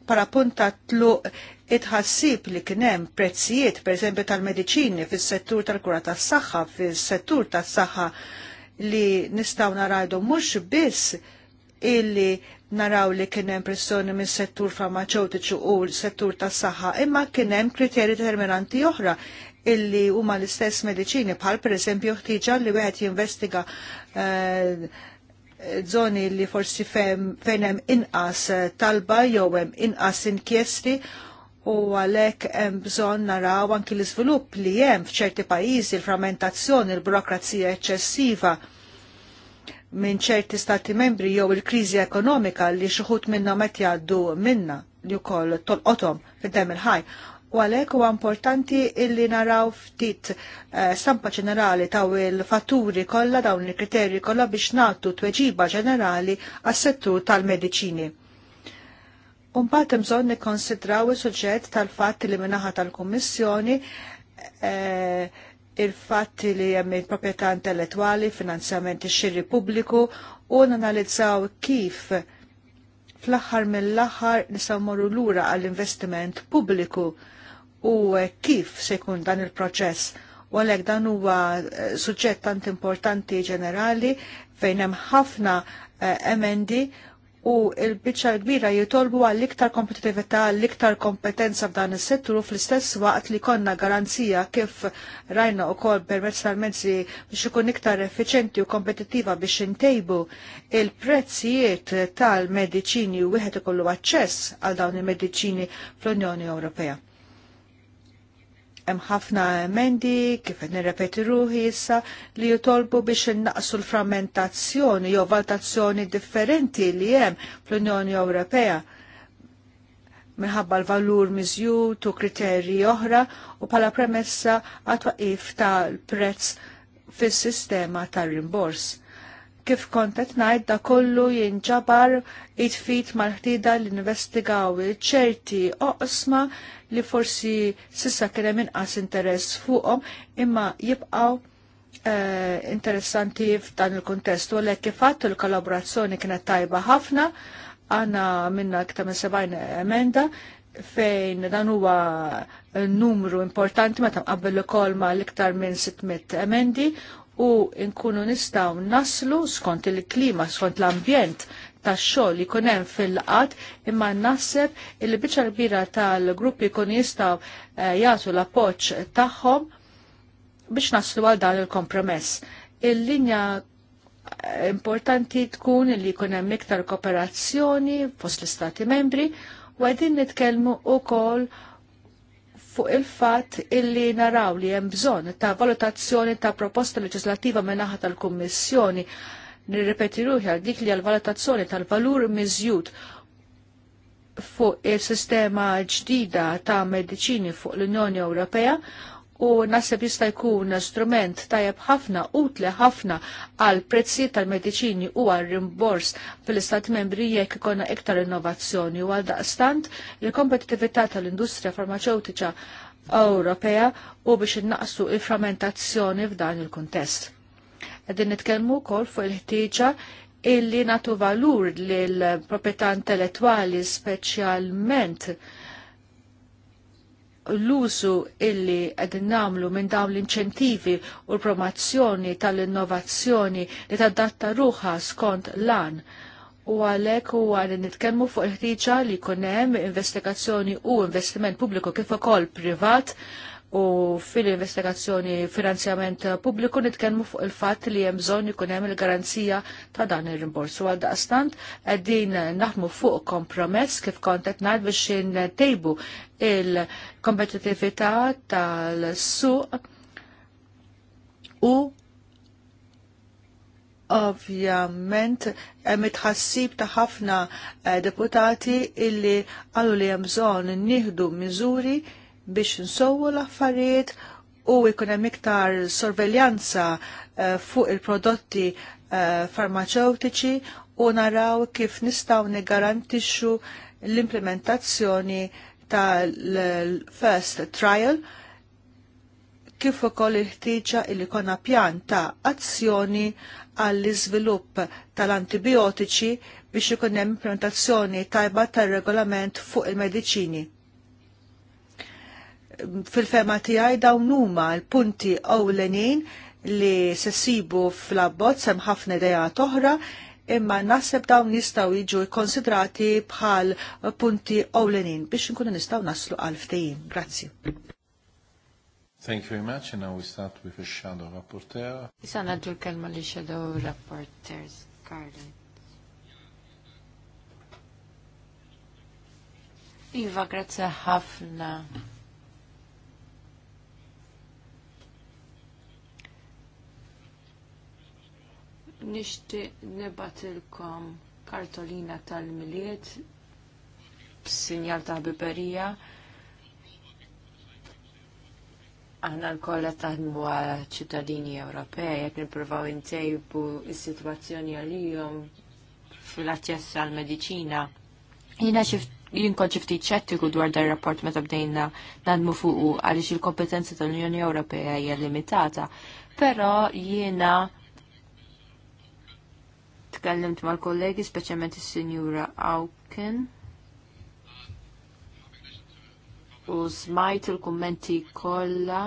para punta tluq itħassib li kienem prezzijiet, per esempio, tal-medicini fis settur tal-kura tas saħħa fis settur tas saħħa li nistaw narajdu mhux biss illi naraw li kien hemm pressjoni minn settur farmaceutiċu u settur tas-saħħa, imma kien hemm kriterji determinanti oħra illi huma l-istess mediċini bħal pereżempju ħtiġa li wieħed jinvestiga eh, zoni li forsi fejn hemm inqas eh, talba jew hemm inqas inkjesti u għalhekk hemm bżonn naraw anki l-iżvilupp li hemm f'ċerti pajjiżi l-frammentazzjoni, l-burokrazija eċċessiva minn ċerti stati membri jew il-kriżi ekonomika li xi ħut minnha qed jgħaddu minna li wkoll tolqothom fid-dem il-ħaj u għalhekk huwa importanti illi naraw ftit eh, stampa ġenerali taw il-fatturi kollha dawn il-kriterji kollha biex nagħtu tweġiba ġenerali għas-settur tal-mediċini. Umbat imżon nikkonsidraw il-suġġett tal-fatt li minnaħa tal-Kommissjoni eh, il-fatt li hemm il-proprjetà intellettwali, finanzjament ix-xirri pubbliku u nanalizzaw kif fl-aħħar mill-aħħar nistgħu morru lura għall-investiment pubbliku u kif se jkun dan il-proċess u għalhekk dan huwa eh, suġġett tant importanti ġenerali fejn hemm ħafna eh, emendi eh, u l-biċċa kbira jitolbu għall iktar kompetitività, l-iktar kompetenza f'dan is-settur fl-istess waqt li konna garanzija kif rajna wkoll permezz tal-mezzi biex ikun iktar effiċenti u kompetitiva biex intejbu il-prezzijiet tal-mediċini u wieħed ikollu aċċess għal dawn il-mediċini fl-Unjoni Ewropea hemm ħafna emendi kif qed nirrepeti ruħi issa li jitolbu biex innaqsu l-frammentazzjoni jew valutazzjoni differenti li hemm fl-Unjoni Ewropea minħabba l-valur miżjut u kriterji oħra u bħala premessa għat-twaqif tal-prezz fis-sistema tar-rimbors Kif kontet najt da kollu jinġabar it-fit mal-ħtida li investigaw ċerti oqsma li forsi sissa kienem inqas interess fuqhom imma jibqaw eh, interessanti f'dan il-kontestu għalek kif il l-kollaborazzjoni kienet tajba ħafna għana minna kta minn 70 emenda fejn dan huwa numru importanti meta mqabbel ukoll ma l-iktar minn 600 emendi u nkunu nistaw naslu skont il-klima, skont l-ambjent tax xogħol li jkun hemm fil-qatt imma naħseb il biċċa kbira tal-gruppi jkun jistgħu eh, jagħtu l-appoġġ tagħhom biex naslu għal dan il-kompromess. Il-linja eh, importanti tkun li jkun hemm iktar kooperazzjoni fost l-Istati membri u għedin nitkellmu wkoll fuq il-fatt illi naraw li hemm bżonn ta' valutazzjoni ta' proposta leġislativa menaħa tal-Kummissjoni nirrepeti ruħi għal dik li għal-valutazzjoni tal-valur miżjud fuq il-sistema ġdida ta' mediċini fuq l-Unjoni Ewropea u nasib jista' jkun strument tajjeb ħafna utli ħafna għal prezzijiet tal-mediċini u għal rimbors fil-istat membri jekk ikonna iktar innovazzjoni u għal daqstant il-kompetitività tal-industrija farmaceutika Ewropea u biex innaqsu il framentazzjoni f'dan il-kuntest. Din nitkellmu wkoll fuq il-ħtieġa illi natu valur lill proprjetà intellettwali speċjalment l-użu illi qegħdin nagħmlu minn dawn l-inċentivi u l-promozzjoni tal-innovazzjoni li tadatta ruħa skont lan u għalek u għal nitkellmu fuq il-ħtiġa li jkun hemm investigazzjoni u investiment pubbliku kif ukoll privat u fil-investigazzjoni finanzjament pubbliku nitkellmu fuq il-fatt li hemm bżonn ikun hemm il-garanzija ta' dan ir-rimborsu għal daqstant qegħdin naħdmu fuq kompromess kif kont qed ngħid biex intejbu il-kompetitività tal-suq u ovvjament eh, mitħassib ta' ħafna eh, deputati illi għallu li hemm bżonn nieħdu miżuri biex nsowu l-affarijiet u jkun hemm iktar sorveljanza eh, fuq il-prodotti eh, farmaceutiċi u naraw kif nistgħu niggarantixxu l-implementazzjoni tal-first trial kif ukoll il-ħtieġa li jkollna pjan ta' azzjoni għall-iżvilupp tal-antibiotiċi biex ikun hemm implementazzjoni tajba tar-regolament fuq il-mediċini fil-fema tiegħi dawn huma l-punti ewlenin li sessibu fl-abbozz hemm ħafna idea toħra imma n-naseb dawn jistgħu jiġu konsidrati bħal punti ewlenin biex nkunu nistgħu naslu għal ftehim. Grazzi. Thank you very much, and now we start with a shadow rapporteur. Issa naddu l-kelma li shadow rapporteurs, Carlin. Iva, grazie ħafna. nishti nibatilkom kartolina tal-miliet sinjal ta' biberija Aħna l-kolla taħdmu għal ċittadini Ewropej, jek nipruvaw intejbu il-situazzjoni għalijom fil-aċċess għal medicina Jina jinkon ċifti ċettiku dwar dar rapport meta bdejna nadmu fuqu għaliex il-kompetenza tal-Unjoni Ewropea hija limitata, però jiena tkellimt mal-kollegi, speċjalment is-Sinjura Awken. U smajt il-kummenti kollha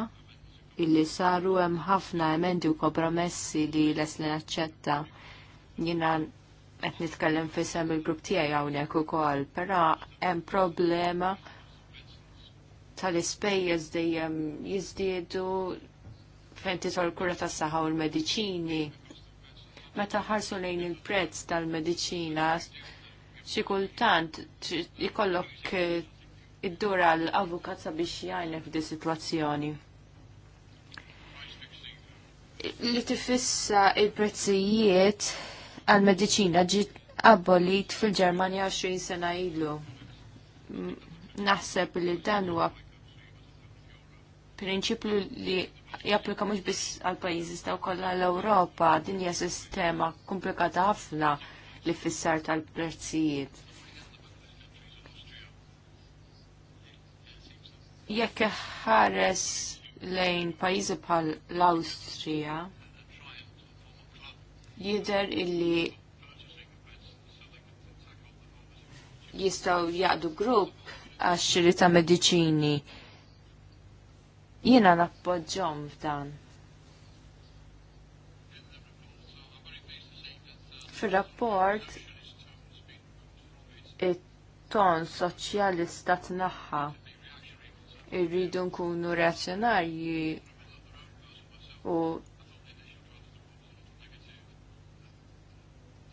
illi saru hemm ħafna emendi u kompromessi li les li naċċetta. Jiena qed nitkellem fisem il-grupp tiegħi hawnhekk ukoll, però hemm problema tal-ispejjeż dejjem jiżdiedu fejn titol kura tas-saħħa u l-mediċini Meta ħarsu lejn il-prezz tal-medicina, xi kultant ikollok eh, id-dura l-avukat sabiex jgħajna f'di situazzjoni. Li tifissa il-prezzijiet għal-medicina ġiet abolit fil-Ġermanja 20 sena ilu. Naħseb li dan huwa prinċipju li japplika mhux biss għal pajjiżi staw kollha l-Ewropa, din hija sistema komplikata ħafna li fissar tal-prezzijiet. Jekk ħares lejn pajjiżi bħal l-Awstrija, jidher illi jistaw jaqdu grupp għax ta' mediċini Jiena nappoġġom f'dan. Fir-rapport it-ton soċjalista tnaħħa irridu nkunu reazzjonarji u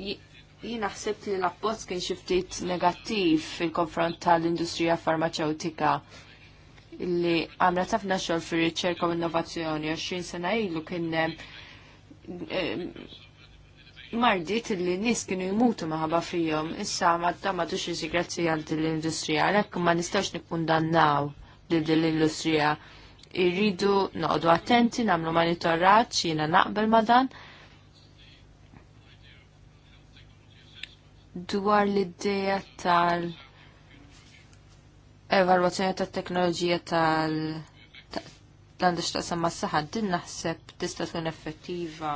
Jien naħseb li l-appost kien xi negattiv fil-konfront tal-industrija farmaceutika Illi għamra ħafna xogħol fir riċerka u innovazzjoni 20 sena ilu kien eh, eh, mardit illi nis kienu jmutu maħba fijom, issa ma tamatu xie sigrazzi għanti l-industrija, għalek ma nistax nikkundannaw l-industrija. Irridu noqdu attenti, namlu monitorat, xina naqbel ma dan. Dwar l-iddeja tal- evalwazzjoni ta' teknoloġija tal l-għandix ta' samma s saħad din naħseb tista' tkun effettiva.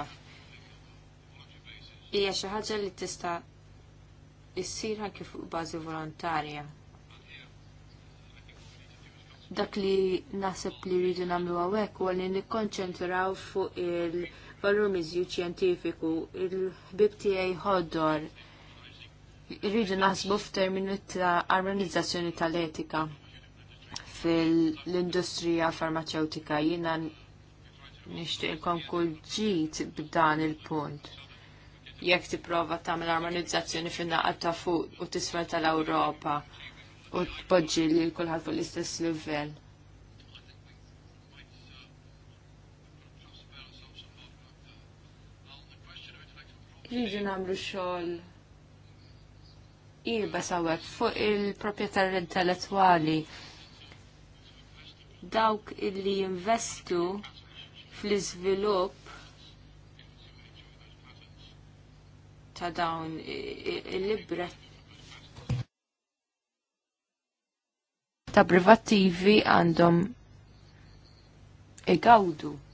Hija xi ħaġa li tista' issir anke fuq bażi volontarja. Dak li naħseb li rridu nagħmlu hawnhekk huwa li nikkonċentraw fuq il-valur miżju ċjentifiku, il-ħbib tiegħi ħodor irridu naħsbu f'terminu ta' armonizzazzjoni tal-etika fil-industrija farmaceutika jina nishtiqkom kull ġit b'dan il-punt. Jekk tipprova tagħmel armonizzazzjoni fin-naqat ta' fuq u tisfel tal-Ewropa u tpoġġi li kulħadd fuq l-istess livell. Jiġu nagħmlu xogħol iba sawek fuq il-proprietar intellettuali dawk illi jinvestu fl-iżvilupp ta' dawn il-libret ta' privattivi għandhom igawdu. E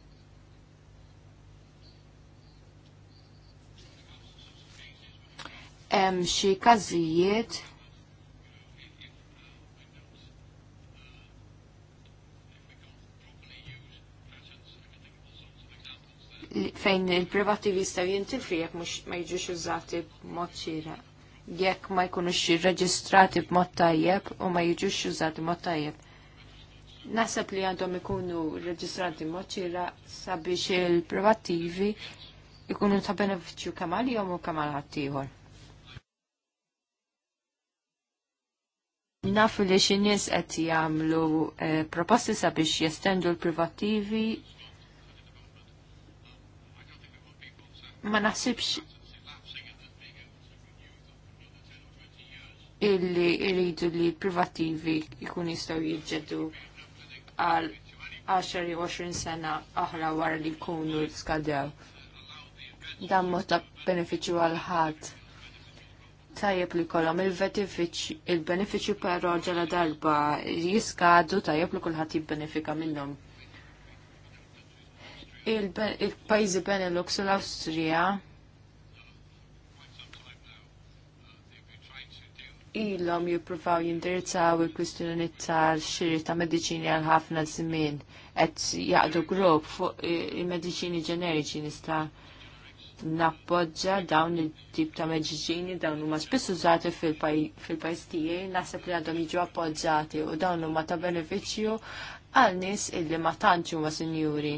hemm xi każijiet fejn il privati jistgħu jintilfi jekk mhux ma jiġux użati b'mod xira. Jekk ma jkunux reġistrati b'mod tajjeb u ma jiġux użati b'mod tajjeb. Nasab li għandhom ikunu reġistrati b'mod xira sabiex il-privativi ikunu ta' benefiċċju kemm għalihom u kemm għal ħaddieħor. Nafu li xi nies qed jagħmlu eh, proposti sabiex jestendu l-privattivi ma naħsibx illi rridu li privattivi jkun jistgħu jiġġedu għal 10-20 sena aħra wara li jkunu skadew. Dan mod ta' benefiċċju għal ħadd tajjeb li kolom il-benefiċi il però ġala darba jiskadu tajjeb li kullħat jibbenefika minnhom. Il-pajzi Benelux u l-Awstrija ilhom jippruvaw jindirizzaw il-kwistjoni tal-xiri ta' mediċini għal ħafna żmien qed jaqdu grupp fuq il-mediċini ġeneriċi nista' nappoġġa dawn il-tip ta' meġġini dawn huma spiss użati fil-pajjiż tiegħi naħseb li għandhom jiġu appoġġati u dawn huma ta' benefiċċju għal nies illi ma tantx huma sinjuri.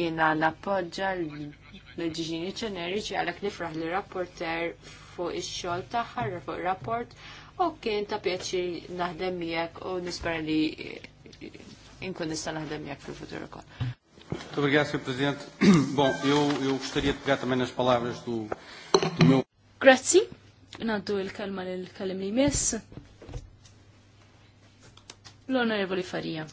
Jiena nappoġġa l-meġġini ċeneriċi għalhekk nifraħ li rapporter fuq ix-xogħol tagħha fuq rapport u kien ta' pjaċi naħdem miegħek u nispera li inkun nista' naħdem miegħek fil-futur ukoll. Muito obrigado, Sr. Presidente. Bom, eu, eu gostaria de pegar também nas palavras do, do meu... Grazie. Naddu il-kalma l-kalim li jmiss. L-Onorevoli Farija.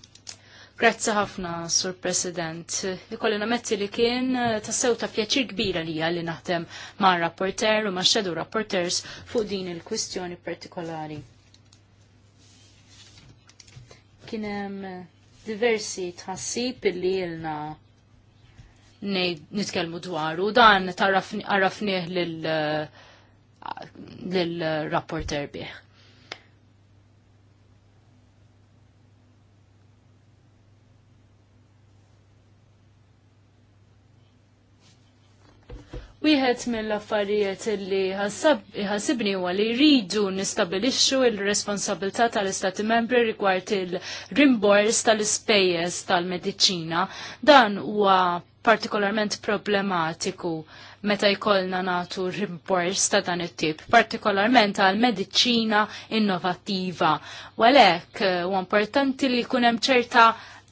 Grazzi ħafna, Sur President. Ikolli nametti li kien eh, tassew ta' pjaċir kbira li li naħdem ma' rapporter u ma' shadow rapporters fuq din il-kwistjoni partikolari. Kienem diversi tħassib illi jilna nitkelmu dwaru. Dan tarrafniħ lil-rapporter eh, bieħ. Wieħed mill-affarijiet li ħasibni huwa li jridu nistabilixxu il-responsabilità tal-Istati Membri rigward il-rimbors tal-ispejjeż tal-mediċina. Dan huwa partikolarment problematiku meta jkollna natu rimbors ta' dan it-tip, partikolarment għal mediċina innovativa. Walek, u eh, importanti li kunem ċerta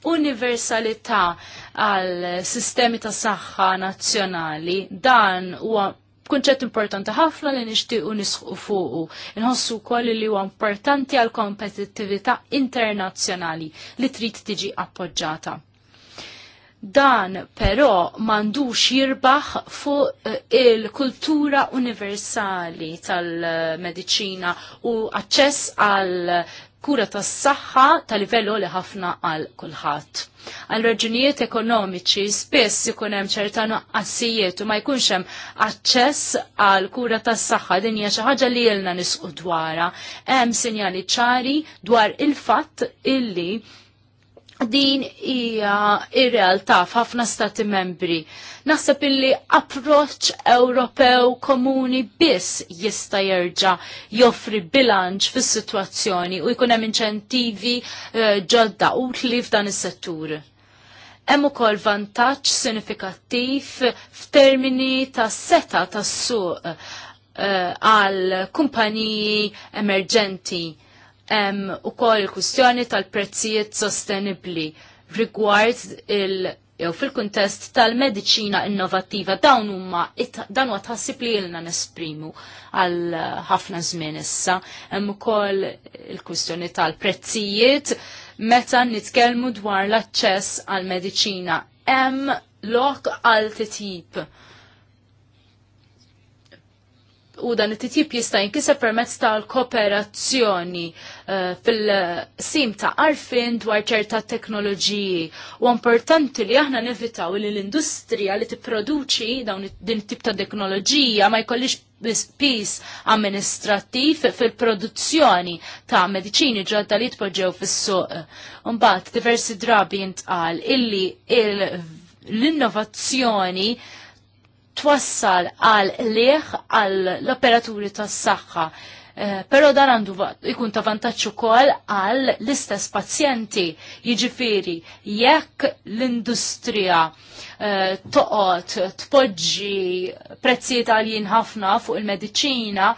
universalità għal sistemi ta' saħħa nazzjonali dan huwa kunċett importanti ħafna li nixtiequ nisħu fuqu. Inħossu wkoll li huwa importanti għal kompetittività internazzjonali li trid tiġi appoġġata. Dan però mandux jirbaħ fuq eh, il-kultura universali tal-medicina u aċċess għal kura tas saħħa ta' livello li ħafna għal kulħadd. Għal raġunijiet ekonomiċi spiss ikun hemm ċerta nuqqassijiet u ma jkunx hemm aċċess għal kura tas saħħa din hija xi ħaġa li ilna nisqu dwarha. Hemm sinjali ċari dwar il-fatt illi din hija ir-realtà f'ħafna stati membri. Naħseb illi approċċ Ewropew komuni biss jista' jerġa' joffri bilanċ fis-sitwazzjoni u jkun hemm inċentivi eh, ġodda utli f'dan is-settur. Hemm ukoll vantaġġ sinifikattiv f'termini ta' seta tas-suq eh, għal kumpaniji emerġenti um, u koll kustjoni tal-prezzijiet sostenibli rigward il- jew fil-kuntest tal-medicina innovativa dawn huma dan huwa tħassib li ilna nesprimu għal ħafna żmien issa. Hemm ukoll il-kwistjoni tal-prezzijiet meta nitkellmu dwar l-aċċess għal mediċina hemm lok għal titjib u dan it-titjib jista' jinkiseb permezz tal-kooperazzjoni uh, fil-sim ta' arfin dwar ċerta teknoloġiji. U importanti li aħna nevitaw li l-industrija li tipproduċi dawn din tip ta' teknoloġija ma jkollix bis amministrattiv fil-produzzjoni ta' mediċini ġodda li tpoġġew fis-suq. Mbagħad diversi drabi jintqal illi l-innovazzjoni il twassal għal liħ għal l-operaturi tas saħħa eh, Pero dan għandu ikun ta' vantaċu ukoll għal l-istess pazjenti, jiġifieri jekk l-industrija eh, toqgħod tpoġġi prezzijiet għaljin ħafna fuq il medicina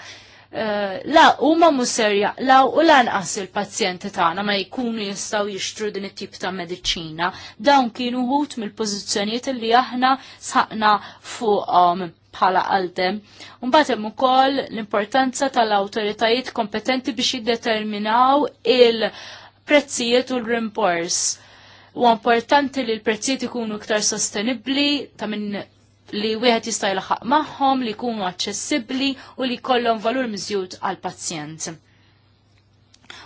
Eh, la ma musserja, la, u lanqas il-pazjenti tagħna ma jkunu jistgħu jixtru din it-tip ta' mediċina. Dawn kienu ħut mill-pożizzjonijiet li aħna saqna fuqhom bħala għaldem. Mbagħad hemm ukoll l-importanza tal-awtoritajiet kompetenti biex jiddeterminaw il-prezzijiet u l-rimpors. U importanti li l-prezzijiet ikunu iktar sostenibbli ta' minn li wieħed jista' jilħaq magħhom li jkunu aċċessibbli u li jkollhom valur miżjud għall pazjent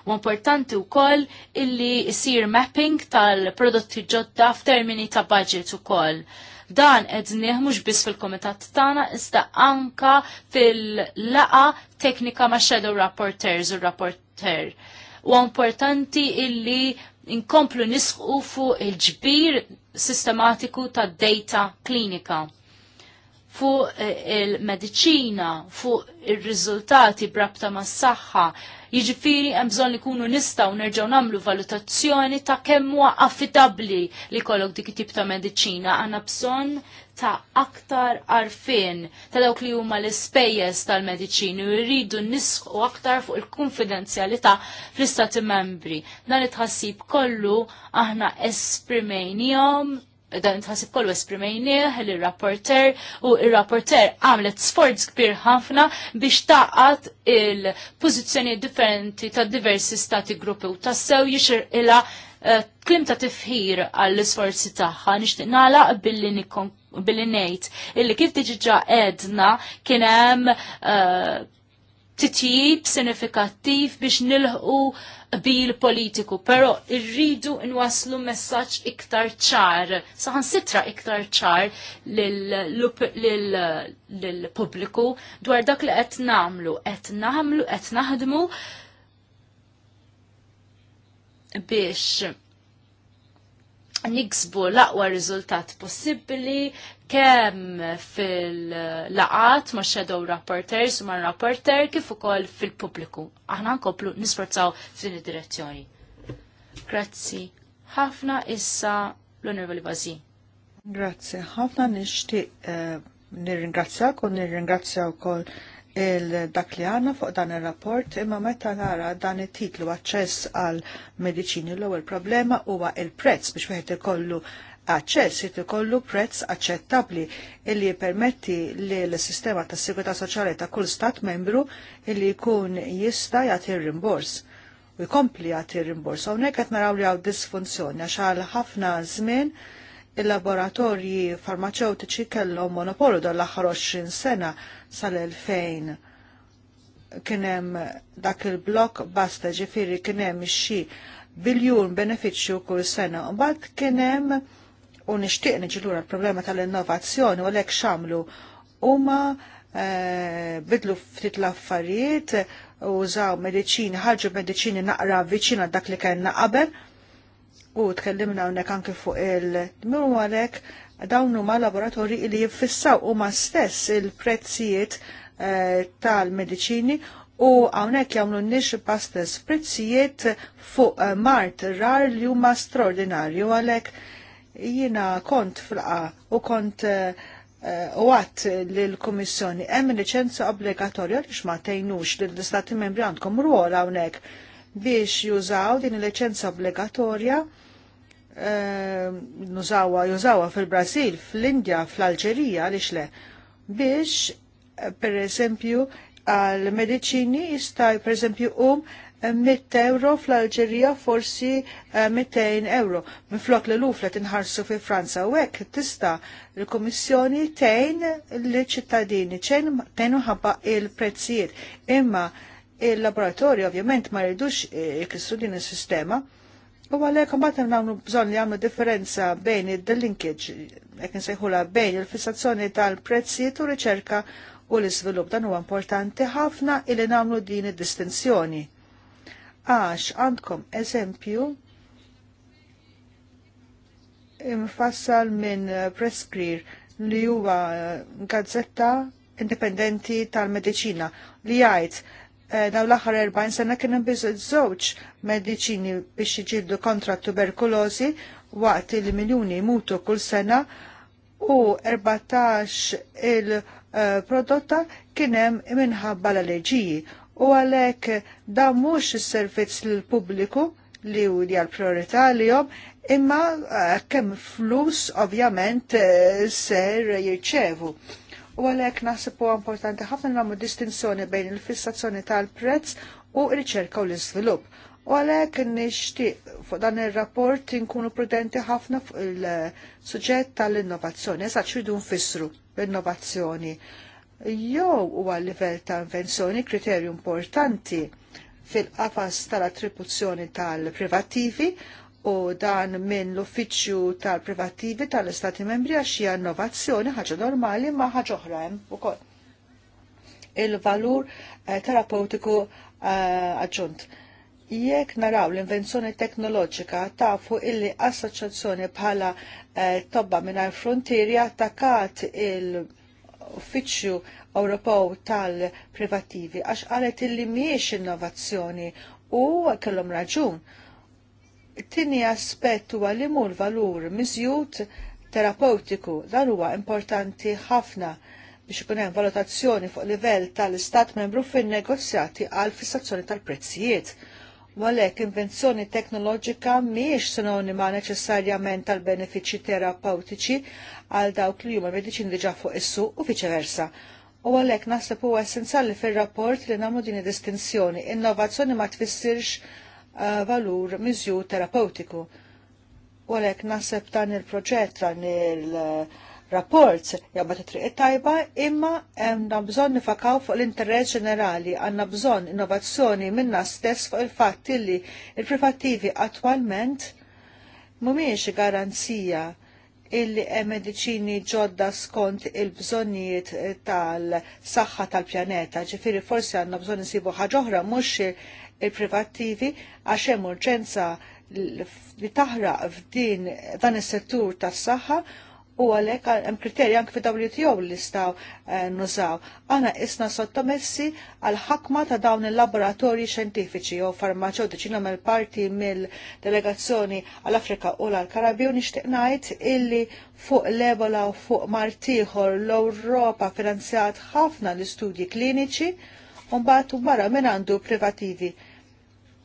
U importanti wkoll illi jsir mapping tal-prodotti ġodda f'termini ta' budget ukoll. Dan qed mhux biss fil-kumitat tagħna iżda anka fil-laqa teknika ma' shadow rapporters u rapporter. U importanti illi inkomplu nisħu fuq il-ġbir sistematiku ta' data klinika fuq eh, il-medicina, fuq il-rizultati brabta ma' s-saxħa. jġifiri hemm bżonn li kunu nistgħu nerġgħu nagħmlu valutazzjoni ta' kemm huwa li kollok dik tip ta' mediċina għandna bżonn ta' aktar arfin ta' dawk li huma l-ispejjeż tal-mediċini u rridu nisħu aktar fuq il-konfidenzjalità fl-istati membri. Dan it-ħassib kollu aħna esprimejnijom dan tħassib kollu esprimejnieh il-rapporter u il-rapporter għamlet sforz kbir ħafna biex taqat il-pozizjoni differenti ta' diversi stati gruppi u tassew jixir ila eh, klim ta' tifħir għall-sforzi tagħha nixtieq nagħlaq billi billi ngħid illi kif diġiġa edna kien hemm eh, titjib sinifikattiv biex nilħu bil politiku, pero irridu nwaslu messaġġ iktar ċar, saħan sitra iktar ċar lill-pubbliku dwar dak li qed namlu, qed namlu, qed naħdmu biex niksbu l-aqwa riżultat possibbli kemm fil-laqat ma' shadow rapporters u ma' rapporter kif ukoll fil-pubbliku. Aħna nkomplu nisforzaw f'din id-direzzjoni. Grazzi. Ħafna issa l-Onorevoli Bazi. Grazzi. Ħafna nixtieq eh, nirringrazzjak u nirringrazzja wkoll il-dak li għanna fuq dan il-rapport imma meta nara dan it-titlu għacċess għal medicini l ewwel problema huwa il-prezz biex wieħed ikollu aċċess jrid ikollu prezz aċċettabbli illi permetti li l-sistema tas sigurtà soċjali ta' kull stat membru illi jkun jista' jagħti rimbors u jkompli jagħti rimbors. Hawnhekk qed naraw li hawn disfunzjoni għax għal ħafna żmien il-laboratorji farmaceutiċi kellhom monopolu dal-aħħar 20 sena sal-2000 hemm dak il-blok basta kien hemm xi biljun benefiċċju kull sena. Mbagħad kien hemm u nixtieq lura l-problema tal-innovazzjoni u l-ek xamlu huma eh, bidlu ftit l-affarijiet użaw mediċini, ħarġu mediċini naqra viċina dak li kellna qabel u tkellimna hawnhekk anke fuq il-dmur għalhekk dawn huma laboratorji li jiffissaw huma stess il-prezzijiet eh, tal-mediċini u għawnek jamlu nix pastess prezzijiet fuq eh, mart rar li huma straordinarju għalek Jiena kont fl-qa u kont eh, u għat l-Komissjoni hemm liċenza obbligatorja għaliex ma tejnux l-Istati Membri għandkom ruol hawnhekk biex jużaw din il-liċenza obbligatorja eh, nużawa jużawa fil-Brasil, fl-Indja, fl-Alġerija għaliex le biex eh, per eżempju għal medicini jista' per eżempju um 100 euro fl-Alġerija forsi 200 eh, euro. Minflok li luflet inħarsu fi Franza u hekk tista l-Kummissjoni tejn l-ċittadini, tejn ħabba il-prezzijiet. Imma il-laboratorju ovvjament ma rridux jikissu din is-sistema. U għalek mbagħad nagħmlu bżonn li għamlu differenza bejn id-delinkage, jekk nsejħula bejn il-fissazzjoni tal-prezzijiet u riċerka u l-iżvilupp dan huwa importanti ħafna illi nagħmlu din id-distinzjoni għax għandkom eżempju imfassal minn preskrir li huwa gazzetta indipendenti tal-medicina li jgħid eh, daw l-aħħar 40 sena kienu biżżewġ żewġ mediċini biex jiġildu kontra tuberkulosi waqt il miljuni mutu kull sena u 14 il-prodotta eh, kienem minħabba l-allerġiji u għalhekk da mhux is-servizz lill pubbliku li u li għal-priorità li jom, imma eh, kemm flus ovvjament eh, ser jirċevu. U għalek naħseb huwa importanti ħafna nagħmlu distinzjoni bejn il-fissazzjoni tal-prezz u r-riċerka u l-iżvilupp. U għalek nixtieq fuq dan ir-rapport inkunu prudenti ħafna fuq il-suġġett tal-innovazzjoni, eżatt xridu nfissru l-innovazzjoni jew huwa livell ta' invenzjoni kriterju importanti fil-qafas tal-attribuzzjoni tal-privattivi u dan minn l-uffiċċju tal-privattivi tal-Istati Membri għax hija innovazzjoni ħaġa normali ma ħaġa oħra hemm ukoll. Il-valur eh, terapeutiku eh, aġġunt. Jekk naraw l-invenzjoni teknoloġika tafu illi assoċjazzjoni bħala eh, tobba minn frontieri attakat il- uffiċċju Ewropew tal-Privattivi għax qalet illi mhijiex innovazzjoni u kellhom raġun. Tini aspett huwa li mhu l-valur miżjud terapeutiku dan huwa importanti ħafna biex ikun hemm valutazzjoni fuq livell tal-Istat membru fin-negozjati għal fissazzjoni tal-prezzijiet U għalhekk invenzjoni teknoloġika mhijiex sinonima neċessarjament tal-benefiċċji terapeutiċi għal dawk li huma medicin diġà fuq issu, u u viċeversa. U għalhekk naħseb huwa essenzjali fir-rapport li nagħmlu din id-distinzjoni. Innovazzjoni ma tfissirx uh, valur miżju terapeutiku. U għalhekk naħseb dan il-proġett dan il-, -proġett, dan il rapport jabba t triq tajba imma hemm bżonn nifakaw fuq l-interess ġenerali, għandna bżonn innovazzjoni minna stess fuq il-fatt li il-privattivi attwalment mhumiex garanzija illi hemm mediċini ġodda skont il-bżonnijiet tal-saħħa tal-pjaneta. ġifiri forsi għandna bżonn isibu ħaġa oħra mhux il-privattivi għax hemm urġenza li taħraq f'din dan is-settur tas-saħħa u għalek hemm kriterji anke fil-WTO li staw eh, nużaw. Għana isna sottomessi għal ħakma ta' dawn il-laboratorji xjentifiċi u farmaceutiċi nagħmel parti mill-delegazzjoni għall-Afrika u l-Karabju nixtieq ngħid illi fuq l-Ebola u fuq martiħor l-Ewropa finanzjat ħafna l-istudji kliniċi u mbagħad mara minn għandu privativi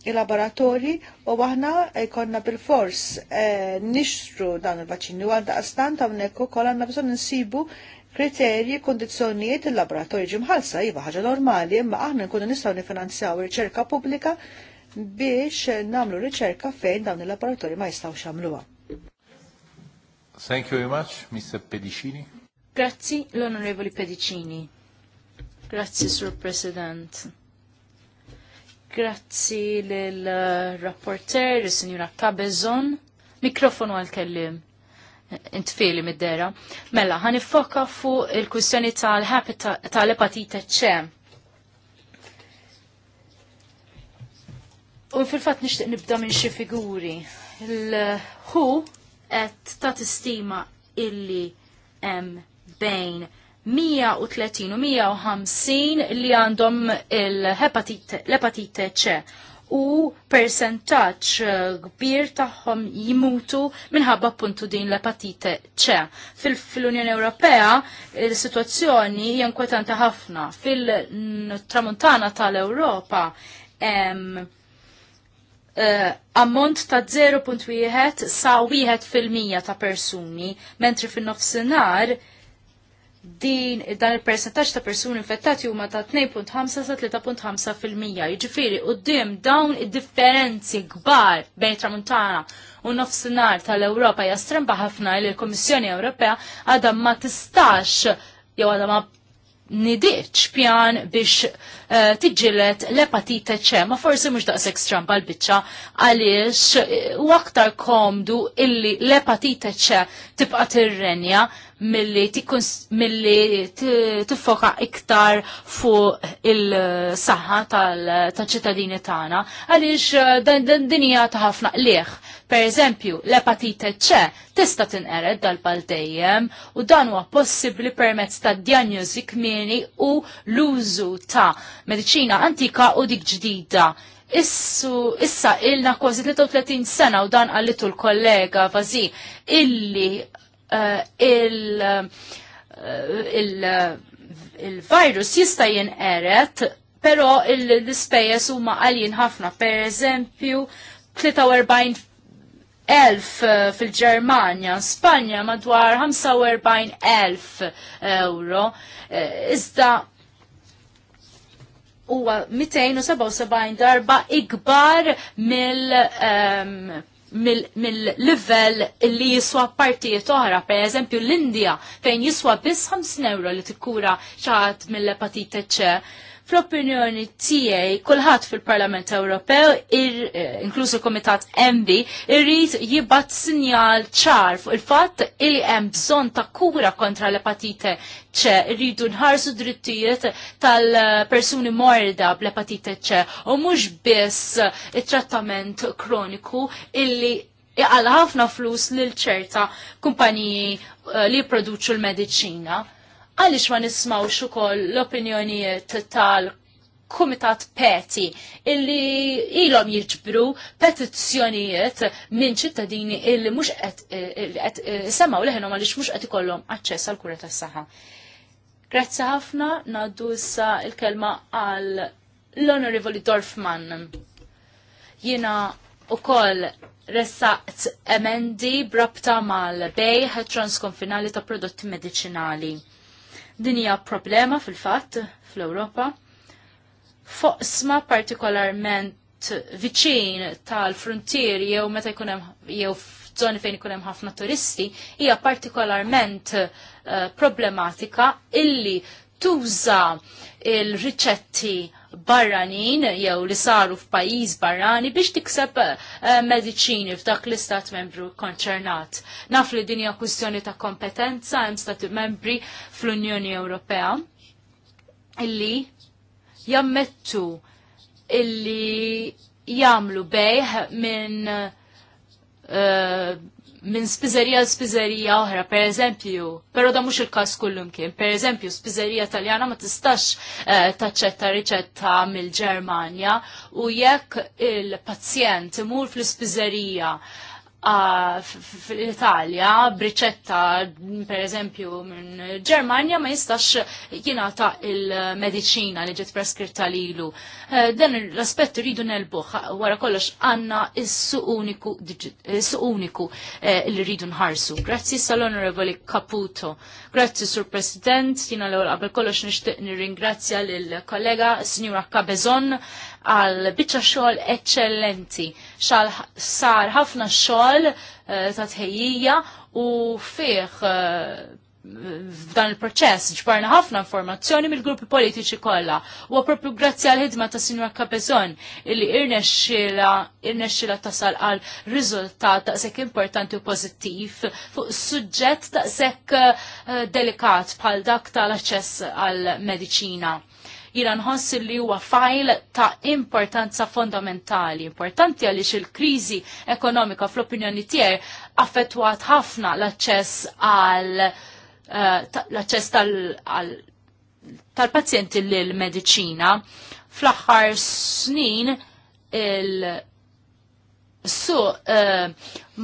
il-laboratori u aħna konna bil-fors eh, nixtru dan il-vaċini u għanda għastan ta' unneku kol għanna bżon nsibu kriterji, kondizjonijiet il-laboratori ġimħalsa jiva ħaġa normali, imma aħna nkunu nistaw nifinanzjaw riċerka pubblika biex namlu riċerka fejn dawn il-laboratori ma jistaw xamluwa. Thank you very much, Mr. Pedicini. Grazzi, l-Onorevoli Pedicini. Grazzi, Sur President Grazzi l-rapporter, uh, il-Sinjura Cabezon. Mikrofonu għal-kellim. Intfili mid-dera. Mela, ħan ifoka fuq il-kwistjoni tal-epatita ċe. U fil-fat nishtiq nibda minn xi figuri. Il-ħu qed ta' tistima illi hemm bejn 130 u 150 li għandhom l-epatite C u percentaċ eh, kbir tagħhom jimutu minħabba puntu din l-epatite C. Fil-Unjoni Ewropea il-situazzjoni hija ħafna. Fil-tramuntana tal-Ewropa uh, ammont ta' 0.1 sa' 1% ta' persuni, mentri fin-nofsinhar din dan il-percentaċ ta' persuni infettati huma ta' 2.5 sa 3.5 fil-mija. Jiġifieri qudiem dawn id-differenzi kbar bejn tramuntana u nofsinhar tal-Ewropa hija stremba ħafna li l-Kummissjoni Ewropea għadha ma tistax jew għadha ma nidiċ pjan biex Eh, Tiġilet l-epatite C, ma forsi mux daqs ekstram l-bicċa, għaliex eh, u aktar komdu illi l-epatite C tibqa tirrenja milli tiffoka iktar fuq il-saħħa tal-ċittadini tagħna għaliex eh, dinja dinija ta' ħafna qlieħ. Per eżempju, l-epatite C tista' tinqered dal-baldejjem u dan huwa possibbli permezz ta' djanjosi kmieni u l-użu ta' mediċina antika u dik ġdida. Issu, issa ilna kważi 33 sena u dan għallitu l-kollega Fazi illi uh, il, uh, il, uh, il-virus jista jinqeret, pero l-ispejjeż huma għaljin ħafna, per eżempju 43 elf fil-Germania, Spanja madwar 45 elf euro. Iżda huwa 277 darba ikbar mill um, ehm, mill-level mil li jiswa partijiet oħra, per eżempju l-Indija, fejn jiswa biss 5 euro li tikkura ċaħat mill-epatite ċe Fl-opinjoni tiegħi kulħadd fil-Parlament Ewropew, eh, inkluż il-Kumitat MB, irrit jibgħat sinjal ċar fuq il-fatt li hemm bżonn ta' kura kontra l-epatite ċ, rridu nħarsu drittijiet tal-persuni morda bl-epatite ċ, u mhux biss it-trattament kroniku illi iqal ħafna flus lil ċerta kumpaniji eh, li produċu l-mediċina għaliex ma nismawx ukoll l-opinjonijiet tal kumitat peti illi ilhom jirġbru petizzjonijiet minn ċittadini illi mhux qed eh, semgħu leħinhom għaliex mhux qed ikollhom aċċess għall kura tas-saħħa. Grazzi ħafna ngħaddu issa l-kelma għal l-Onorevoli Dorfman. u ukoll resaqt emendi brabta mal-bejħ transkonfinali ta' prodotti medicinali Din hija problema fil-fatt fl-Ewropa. Foqsma partikolarment viċin tal-frontieri jew meta jkun hemm jew f'żoni fejn ikun hemm ħafna turisti hija partikolarment uh, problematika illi tuża il-riċetti barranin jew li saru f'pajjiż barrani biex tikseb eh, mediċini f'dak l-istat membru konċernat. Naf li dinja kwistjoni ta' kompetenza hemm stati membri fl-Unjoni Ewropea illi jammettu illi jamlu bejħ minn uh, minn spizzerija l-spizzerija oħra, per eżempju, pero da mux il-kas kullum kien, per eżempju, spizzerija taljana ma tistax eh, taċċetta riċetta mill-Germania u jekk il-pazjent imur fl-spizzerija fl-Italja, briċetta per eżempju minn Ġermanja ma jistax jina ta' il-medicina li ġiet preskritta lilu. Eh, dan l-aspett rridu nelbuħ wara kollox għanna is-suq uniku eh, eh, li rridu nħarsu. Grazzi sal-Onorevoli Caputo. Grazzi Sur President, jina l għabel qabel kollox nixtieq nirringrazzja lill kollega Signora Cabezon għal biċċa xogħol eċċellenti. Sar ħafna xogħol eh, ta' tħejjija u fih eh, f'dan il-proċess ġbarna ħafna informazzjoni mill-gruppi politiċi kollha. U propju grazzi għal ħidma ta' Sinjor Kapezon illi irnexxila tasal għal riżultat sekk importanti u pożittiv fuq suġġett sekk eh, delikat bħal dak tal-aċċess għal mediċina jina nħoss li huwa fajl ta' importanza fondamentali. Importanti għaliex il-kriżi ekonomika fl-opinjoni tiegħi affettwat ħafna l-aċċess għal eh, l-aċċess tal-pazjenti l mediċina fl-aħħar snin il- su eh,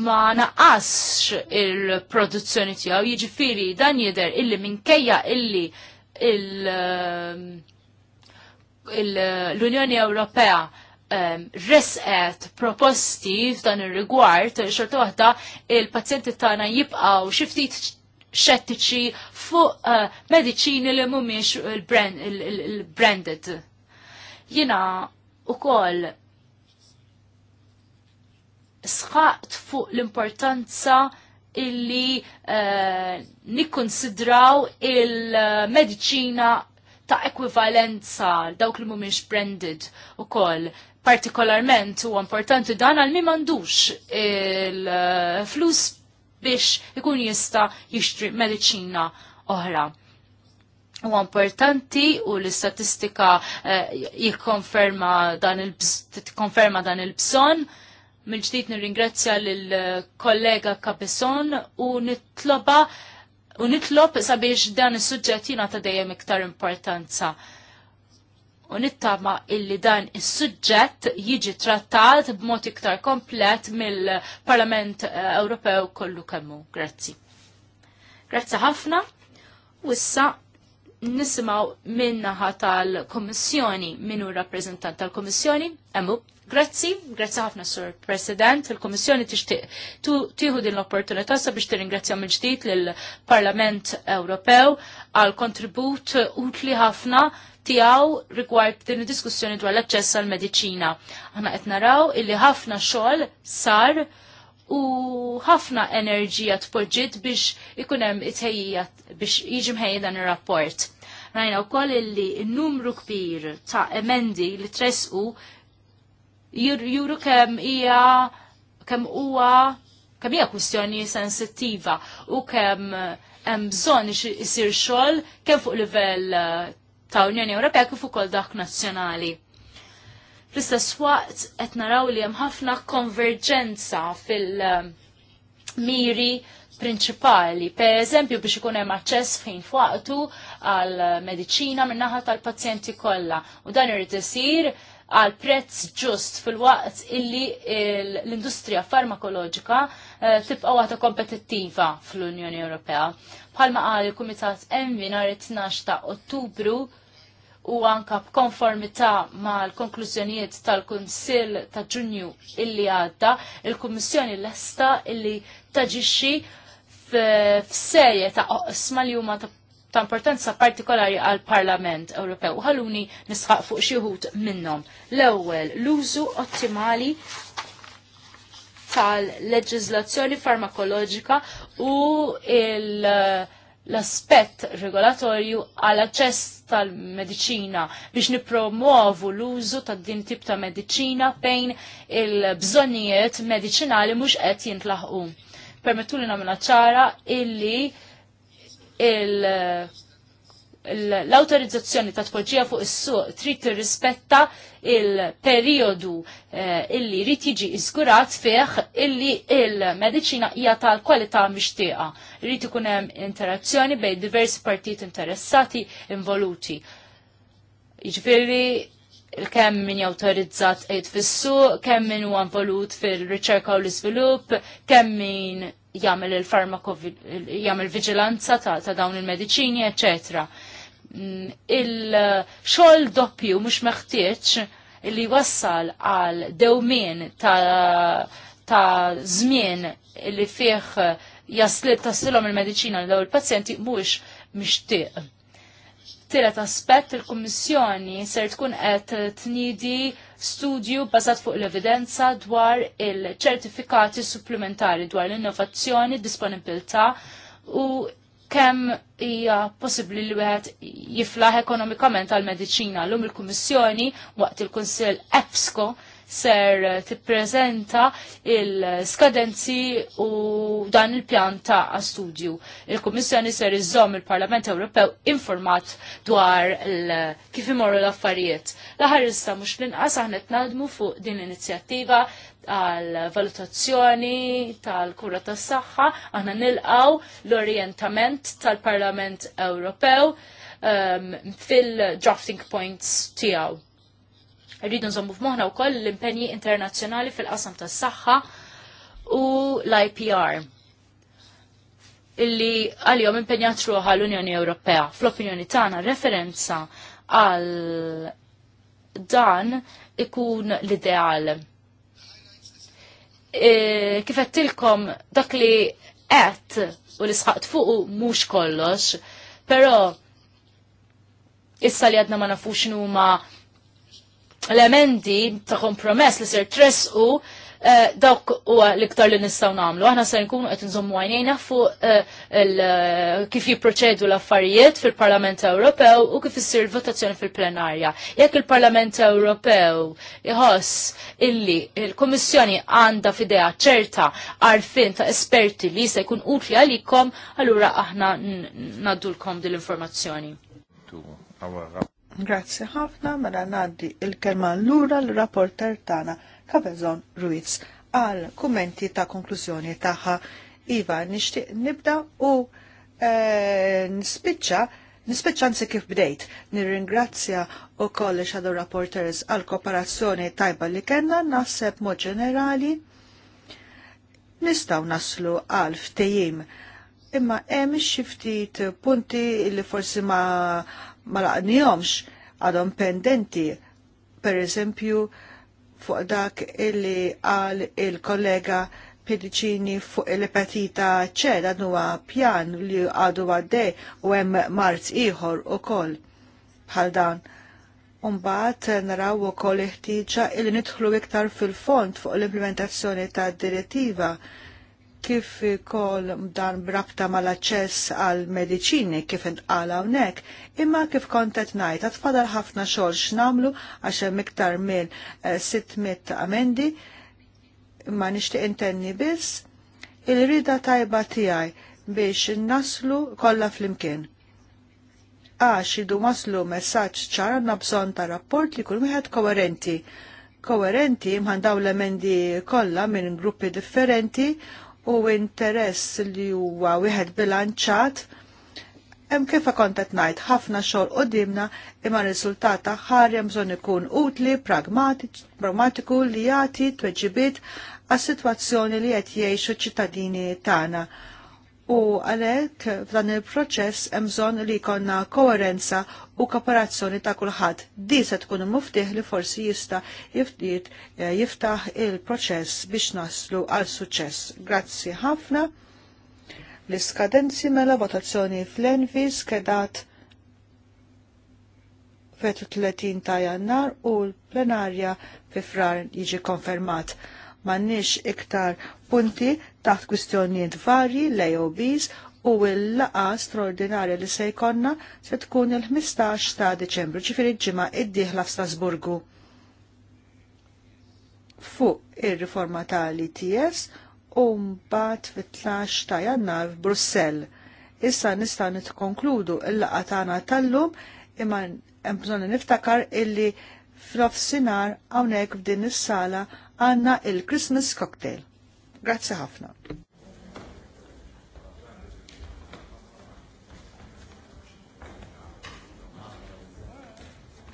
ma naqasx il-produzzjoni tiegħu jiġifieri dan jidher illi minkejja illi il- eh, l-Unjoni Ewropea resqet proposti f'dan ir-rigward, xorta waħda il-pazjenti tagħna jibqgħu xi ftit xettiċi fuq eh, mediċini li mhumiex il-branded. Jiena ukoll sħaqt fuq l-importanza illi eh, nikkonsidraw il-medicina ta' ekwivalenza dawk li mhumiex branded ukoll. Partikolarment huwa importanti dan għal min m'għandux il-flus biex ikun jista' jixtri mediċina oħra. Huwa importanti u l-istatistika eh, jikkonferma dan il-bżonn. Mill-ġdid nirringrazzja lill kollega Capison u nitloba u nitlob sabiex dan is-suġġett ta' dejjem iktar importanza. U nittama illi dan is-suġġett jiġi trattat b'mod iktar komplet mill-Parlament eh, Ewropew kollu kemmu. Grazzi. Grazzi ħafna. U issa nisimaw minnaħa tal-Kommissjoni, minu rappresentant tal kummissjoni emmu. Grazzi, grazzi ħafna Sur President, il-Komissjoni tixtieq tieħu din l-opportunità sabiex tirringrazzja mill-ġdid lill-Parlament Ewropew għal kontribut utli ħafna tiegħu rigward din id-diskussjoni dwar l-aċċess għal mediċina Aħna qed naraw illi ħafna xogħol sar u ħafna enerġija tpoġġiet biex ikun hemm it itħejjija biex jiġi mħejja dan ir-rapport rajna wkoll illi li n-numru kbir ta' emendi li tresqu juru kemm hija kemm huwa kemm hija kwistjoni sensittiva u kemm eh, hemm bżonn isir xogħol kemm fuq livell eh, ta' Unjoni Ewropea kif ukoll dak nazzjonali. Fl-istess waqt qed naraw li hemm ħafna konverġenza fil-miri eh, prinċipali, per eżempju biex ikun hemm aċċess fejn fuqtu għal mediċina min-naħa tal-pazjenti kollha. U dan irid isir għal prezz ġust fil-waqt illi l-industrija farmakoloġika eh, tibqa waħda kompetittiva fl-Unjoni Ewropea. Bħalma għal il-Kumitat Envi nar 12 ta' Ottubru u anka b'konformità mal-konklużjonijiet tal-Kunsill ta' Ġunju illi għadda, il-Kummissjoni l-esta illi taġixxi f'serje ta' oqsma li huma ta' ta' importanza partikolari għal Parlament Ewropew. Ħaluni nisħaq fuq xi wħud minnhom. L-ewwel l-użu ottimali tal-leġiżlazzjoni farmakoloġika u il- l-aspett regolatorju għal aċċess tal-medicina biex nipromuovu l-użu ta' din tip ta' medicina fejn il-bżonnijiet medicinali mhux qed jintlaħqu. Permettu li ċara illi l-autorizzazzjoni ta' tpoġġija fuq is-suq trid tirrispetta il-perjodu eh, illi jrid jiġi iżgurat fih illi il-mediċina hija tal-kwalità mixtieqa. Irid ikun hemm interazzjoni bejn diversi partit interessati involuti. Jiġifieri kemm min jawtorizzat qed fis-suq, kemm min huwa involut fil-riċerka u l-iżvilupp, kemm min jagħmel il viġilanza ta', ta dawn il-mediċini, eċetera. Mm, il-xogħol doppju mhux meħtieġ li wassal għal dewmien ta' ta' żmien li fih jaslib tassilhom il-mediċina l il-pazjenti mhuwiex mixtieq Tielet aspett il-Kummissjoni ser tkun qed tnidi studju bażat fuq l-evidenza dwar il-ċertifikati supplementari dwar l-innovazzjoni, disponibilità u kemm hija possibbli li wieħed jiflaħ ekonomikament għal mediċina Lum il-Kummissjoni waqt il-Kunsill EPSCO ser tippreżenta il-skadenzi u dan il-pjan ta' studju. Il-Kummissjoni ser iżżomm il-Parlament Ewropew informat dwar kif imorru l-affarijiet. L-aħħar issa mhux l-inqas aħna nadmu fuq din l-inizjattiva għal valutazzjoni tal-kura tas saħħa aħna nilqaw l-orientament tal-Parlament Ewropew um, fil-drafting points tiegħu Rridu nżommu f'moħna wkoll l-impenji internazzjonali fil-qasam tas-saħħa u l-IPR illi għal-jom impenjat ruħa l-Unjoni Ewropea. Fl-opinjoni tagħna referenza għal dan ikun l-ideal. E, kifettilkom dak li għet u li sħaqt fuq mhux kollox, però issa li għadna ma nafux huma l-emendi ta' kompromess li ser tresqu eh, dawk u l-iktar li nistaw namlu. Aħna ser nkunu qed nżommu għajnejna fuq eh, eh, kif jipproċedu l-affarijiet fil-Parlament Ewropew u kif issir votazzjoni fil-plenarja. Jekk il-Parlament Ewropew iħoss illi il-Kummissjoni għandha f'idea ċerta għarfin ta' esperti li se jkun utli għalikom, allura aħna naddulkom din l-informazzjoni. Grazzi ħafna, mela naddi il-kelma l-lura l-rapporter tana Cabezon Ruiz għal kummenti ta' konklużjoni taħħa Iva, nishtiq nibda u e, nispiċċa Nispiċċa nsi kif bdejt, nirringrazzja u kolli xadu rapporters għal kooperazzjoni tajba li kena naħseb mod ġenerali nistaw naslu għal ftejim imma hemm xi ftit punti li forsi ma ma laqnihomx għadhom pendenti, per eżempju, fuq dak illi għal il-kollega Pedicini fuq il-epatita ċed għadnu huwa pjan li għadu għadde u hemm marz ieħor ukoll bħal dan. Umbat naraw ukoll ħtieġa li nidħlu iktar fil-fond fuq l-implementazzjoni tad direttiva kif kol dan brabta mal aċċess għal mediċini kif intqala hawnhekk, imma kif kontet ngħid għatfadal ħafna xor x'namlu għax hemm iktar minn 600 eh, amendi ma nixtieq intenni biss il-rida tajba tiegħi biex naslu kollha flimkien. Għax idu maslu messaġġ ċar għandna bżonn ta' rapport li kull wieħed Koherenti koerenti mħandaw l-emendi kollha minn gruppi differenti u interess li huwa wieħed bilanċat hemm kif kont qed ngħid ħafna xogħol qudiemna imma r-riżultat aħħar hemm bżonn ikun utli, pragmatiku li jagħti tweġibiet għas-sitwazzjoni li qed jgħixu ċittadini tagħna U għalek f'dan il-proċess hemm bżonn li jkollna koerenza u kooperazzjoni ta' kulħadd. Di se tkun muftiħ li forsi jista' eh, jiftaħ il-proċess biex naslu għal suċċess. Grazzi ħafna. L-iskadenzi mela votazzjoni fl-Envi skedat fetu 30 ta' jannar u l-plenarja fi frar jiġi konfermat m'għandniex iktar punti taħt kwistjonijiet varji l-AOBs u l-laqa straordinarja li se jkonna se tkun il-15 ta' Deċembru, ġifieri ġimgħa id-dieħla f'Strasburgu. Fuq ir-riforma tal-ITS e u mbagħad fit-12 ta' Jannar f'Brussell. Issa nista' nitkonkludu l-laqa tagħna tal-lum imma hemm bżonn niftakar illi fl hawnhekk f'din is-sala għanna il-Christmas cocktail. Grazie ħafna.